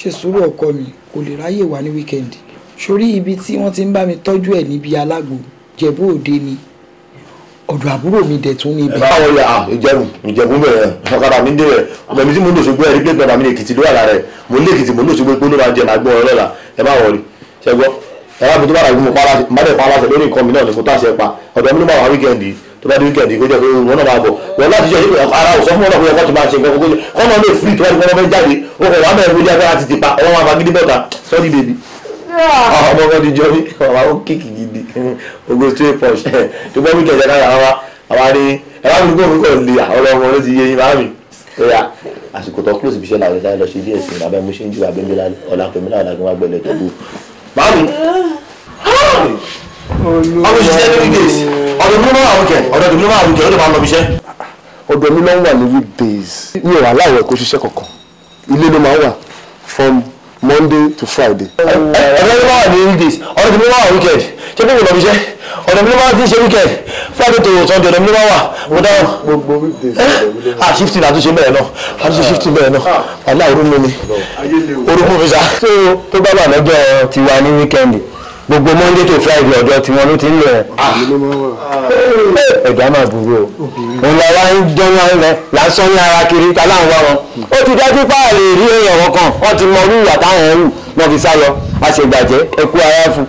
ṣe sùúrù ọkọ mi kò lè ráyè wá ní wíkẹ́ndì sórí ibi tí wọ́n ti ń bá mi tọ́jú ẹ̀ níbi alágbo jẹ̀bú òde ni ọ̀dọ̀ àbúrò mi dẹ̀ tún níbi. ẹ bá wọlé à ìjẹun ìjẹun bẹ̀rẹ̀ ọ̀kadà mi dé rẹ̀ ọ̀gbẹ̀mí tí mo ń lòṣogbo ẹ̀rí pé bàbá mi èkìtì ló wà lára rẹ̀ mo ní èkìtì mo ń lòṣogbo pé ló máa jẹ màá gbọ́ ọ̀rọ̀ lọ́la ẹ bá wọlé ṣẹgbọ́ ẹ bá mi tó bá rà gbọ́n mo pa aláṣẹ lórí nǹkan mi náà ní kó tó àṣẹ pa ọ̀dọ̀ mi ló máa wà wíkẹ́ndì tó bá dé weekend kó jẹ́ pé wọn náà máa bọ̀ wọn láti jẹ́ ìpè ara ò sọ fún ọ̀nà kó máa ṣe nǹkan kó jẹ́ kọ́nà lè free tó wá ní kọ́nà jáde ó kọ̀ wá mẹ́rin kó ti tìpa ọmọ máa fagídí bọ̀ta sọ́ọ́dí bèbí. Ah. Ah, ọmọ kan ti jọ mí ọmọ àwọn kíkì gidi [LAUGHS] ogo [LAUGHS] tó gbọ́ weekend jẹ́ káyà wa àwa ni ẹ̀rọ àwọn ọmọ ló close bí iṣẹ́ làwọn ẹ̀ta lọ ṣe díẹ̀ sí i àbẹ̀mú ọdún ṣiṣẹ́ lórí days ọ̀dọ̀ mi ló máa wà kẹ̀ ọ̀dọ̀ mi ló máa wà kẹ̀ ó lè máa lọ bíṣẹ́. ọ̀dọ̀ mi wà lórí days mi ò wà láwọ̀ ẹ̀kọ́ ṣiṣẹ́ kankan ilé ló máa wà from monday to friday. ọ̀dọ̀ mi máa wà lórí days ọ̀dọ̀ mi máa wà weekend ṣé bí mo lọ bíṣẹ́ ọ̀dọ̀ mi máa ti ṣe weekend friday to sunday ọ̀dọ̀ mi máa wà mo dáhùn. gbogbo weekdays ọ̀dọ̀ mi ló máa wà. Eh? ah shifting àtúnṣe bẹ́ẹ̀ náà àtúnṣe shifting bẹ́ẹ̀ náà ah. wàhálà orúkọ mi ni orúkọ mi sá. tó bá wà lọ́jọ́ tiwa ní gbogbo monday to friday ọjọ́ tí wọn ló ti ń lọ ẹ̀dá ah. máa burú o òun la wá ń dánwó rẹ lásán ní ara kiri ta láwọn wá wọn ó ti dájú páàlì rí èèyàn kan wọn ti mọ orí ìyá táwọn ẹrù wọn fi sá lọ àṣegbàjẹ ẹkú ara fún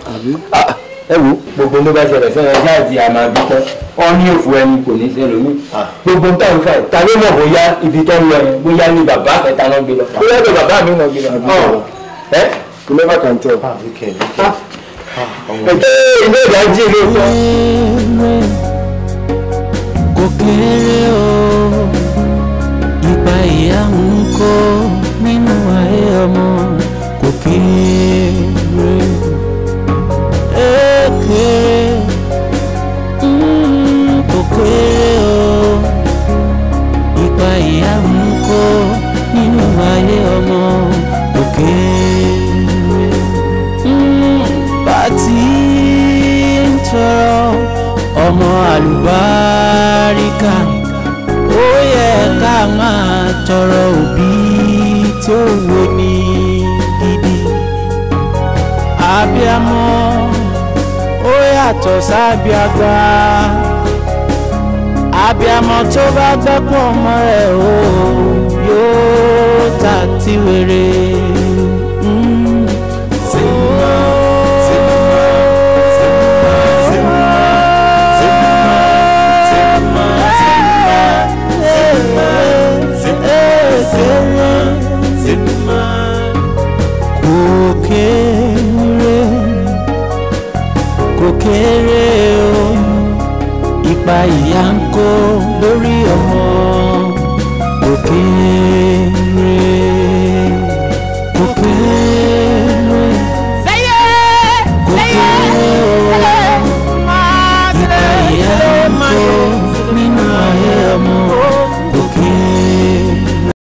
ah, ẹ wò gbogbo ló bá ṣẹlẹ̀ sẹ́yìn ọjọ́ àti àmà àbíkọ́ ọ ní òfu ẹni kò ní sẹ́yìn lómi ah. gbogbo tá n fà ẹ̀ ta ló mọ̀ bóyá ibi tó ń lọ yẹn bóyá ní bàbá ẹ̀ta náà gbé lọ bóyá ní bàbá mi náà gbé lọ. ẹ kìlọ́fà kan tẹ̀ ọ́ ilé ìdájí ilé ìfẹ́. o ipa ìyá ń kó nínú ayé ọmọ kò kéré tọrọ òbí tí ó wo ni gidi àbíamọ ó yàtọ̀ sábíagbá àbíamọ tó bá gbẹ́kọ̀ ọmọ rẹ̀ o yóò tà tí wéré. kò kéré o ipa ìyá ń kó lórí ọmọ kò kéré.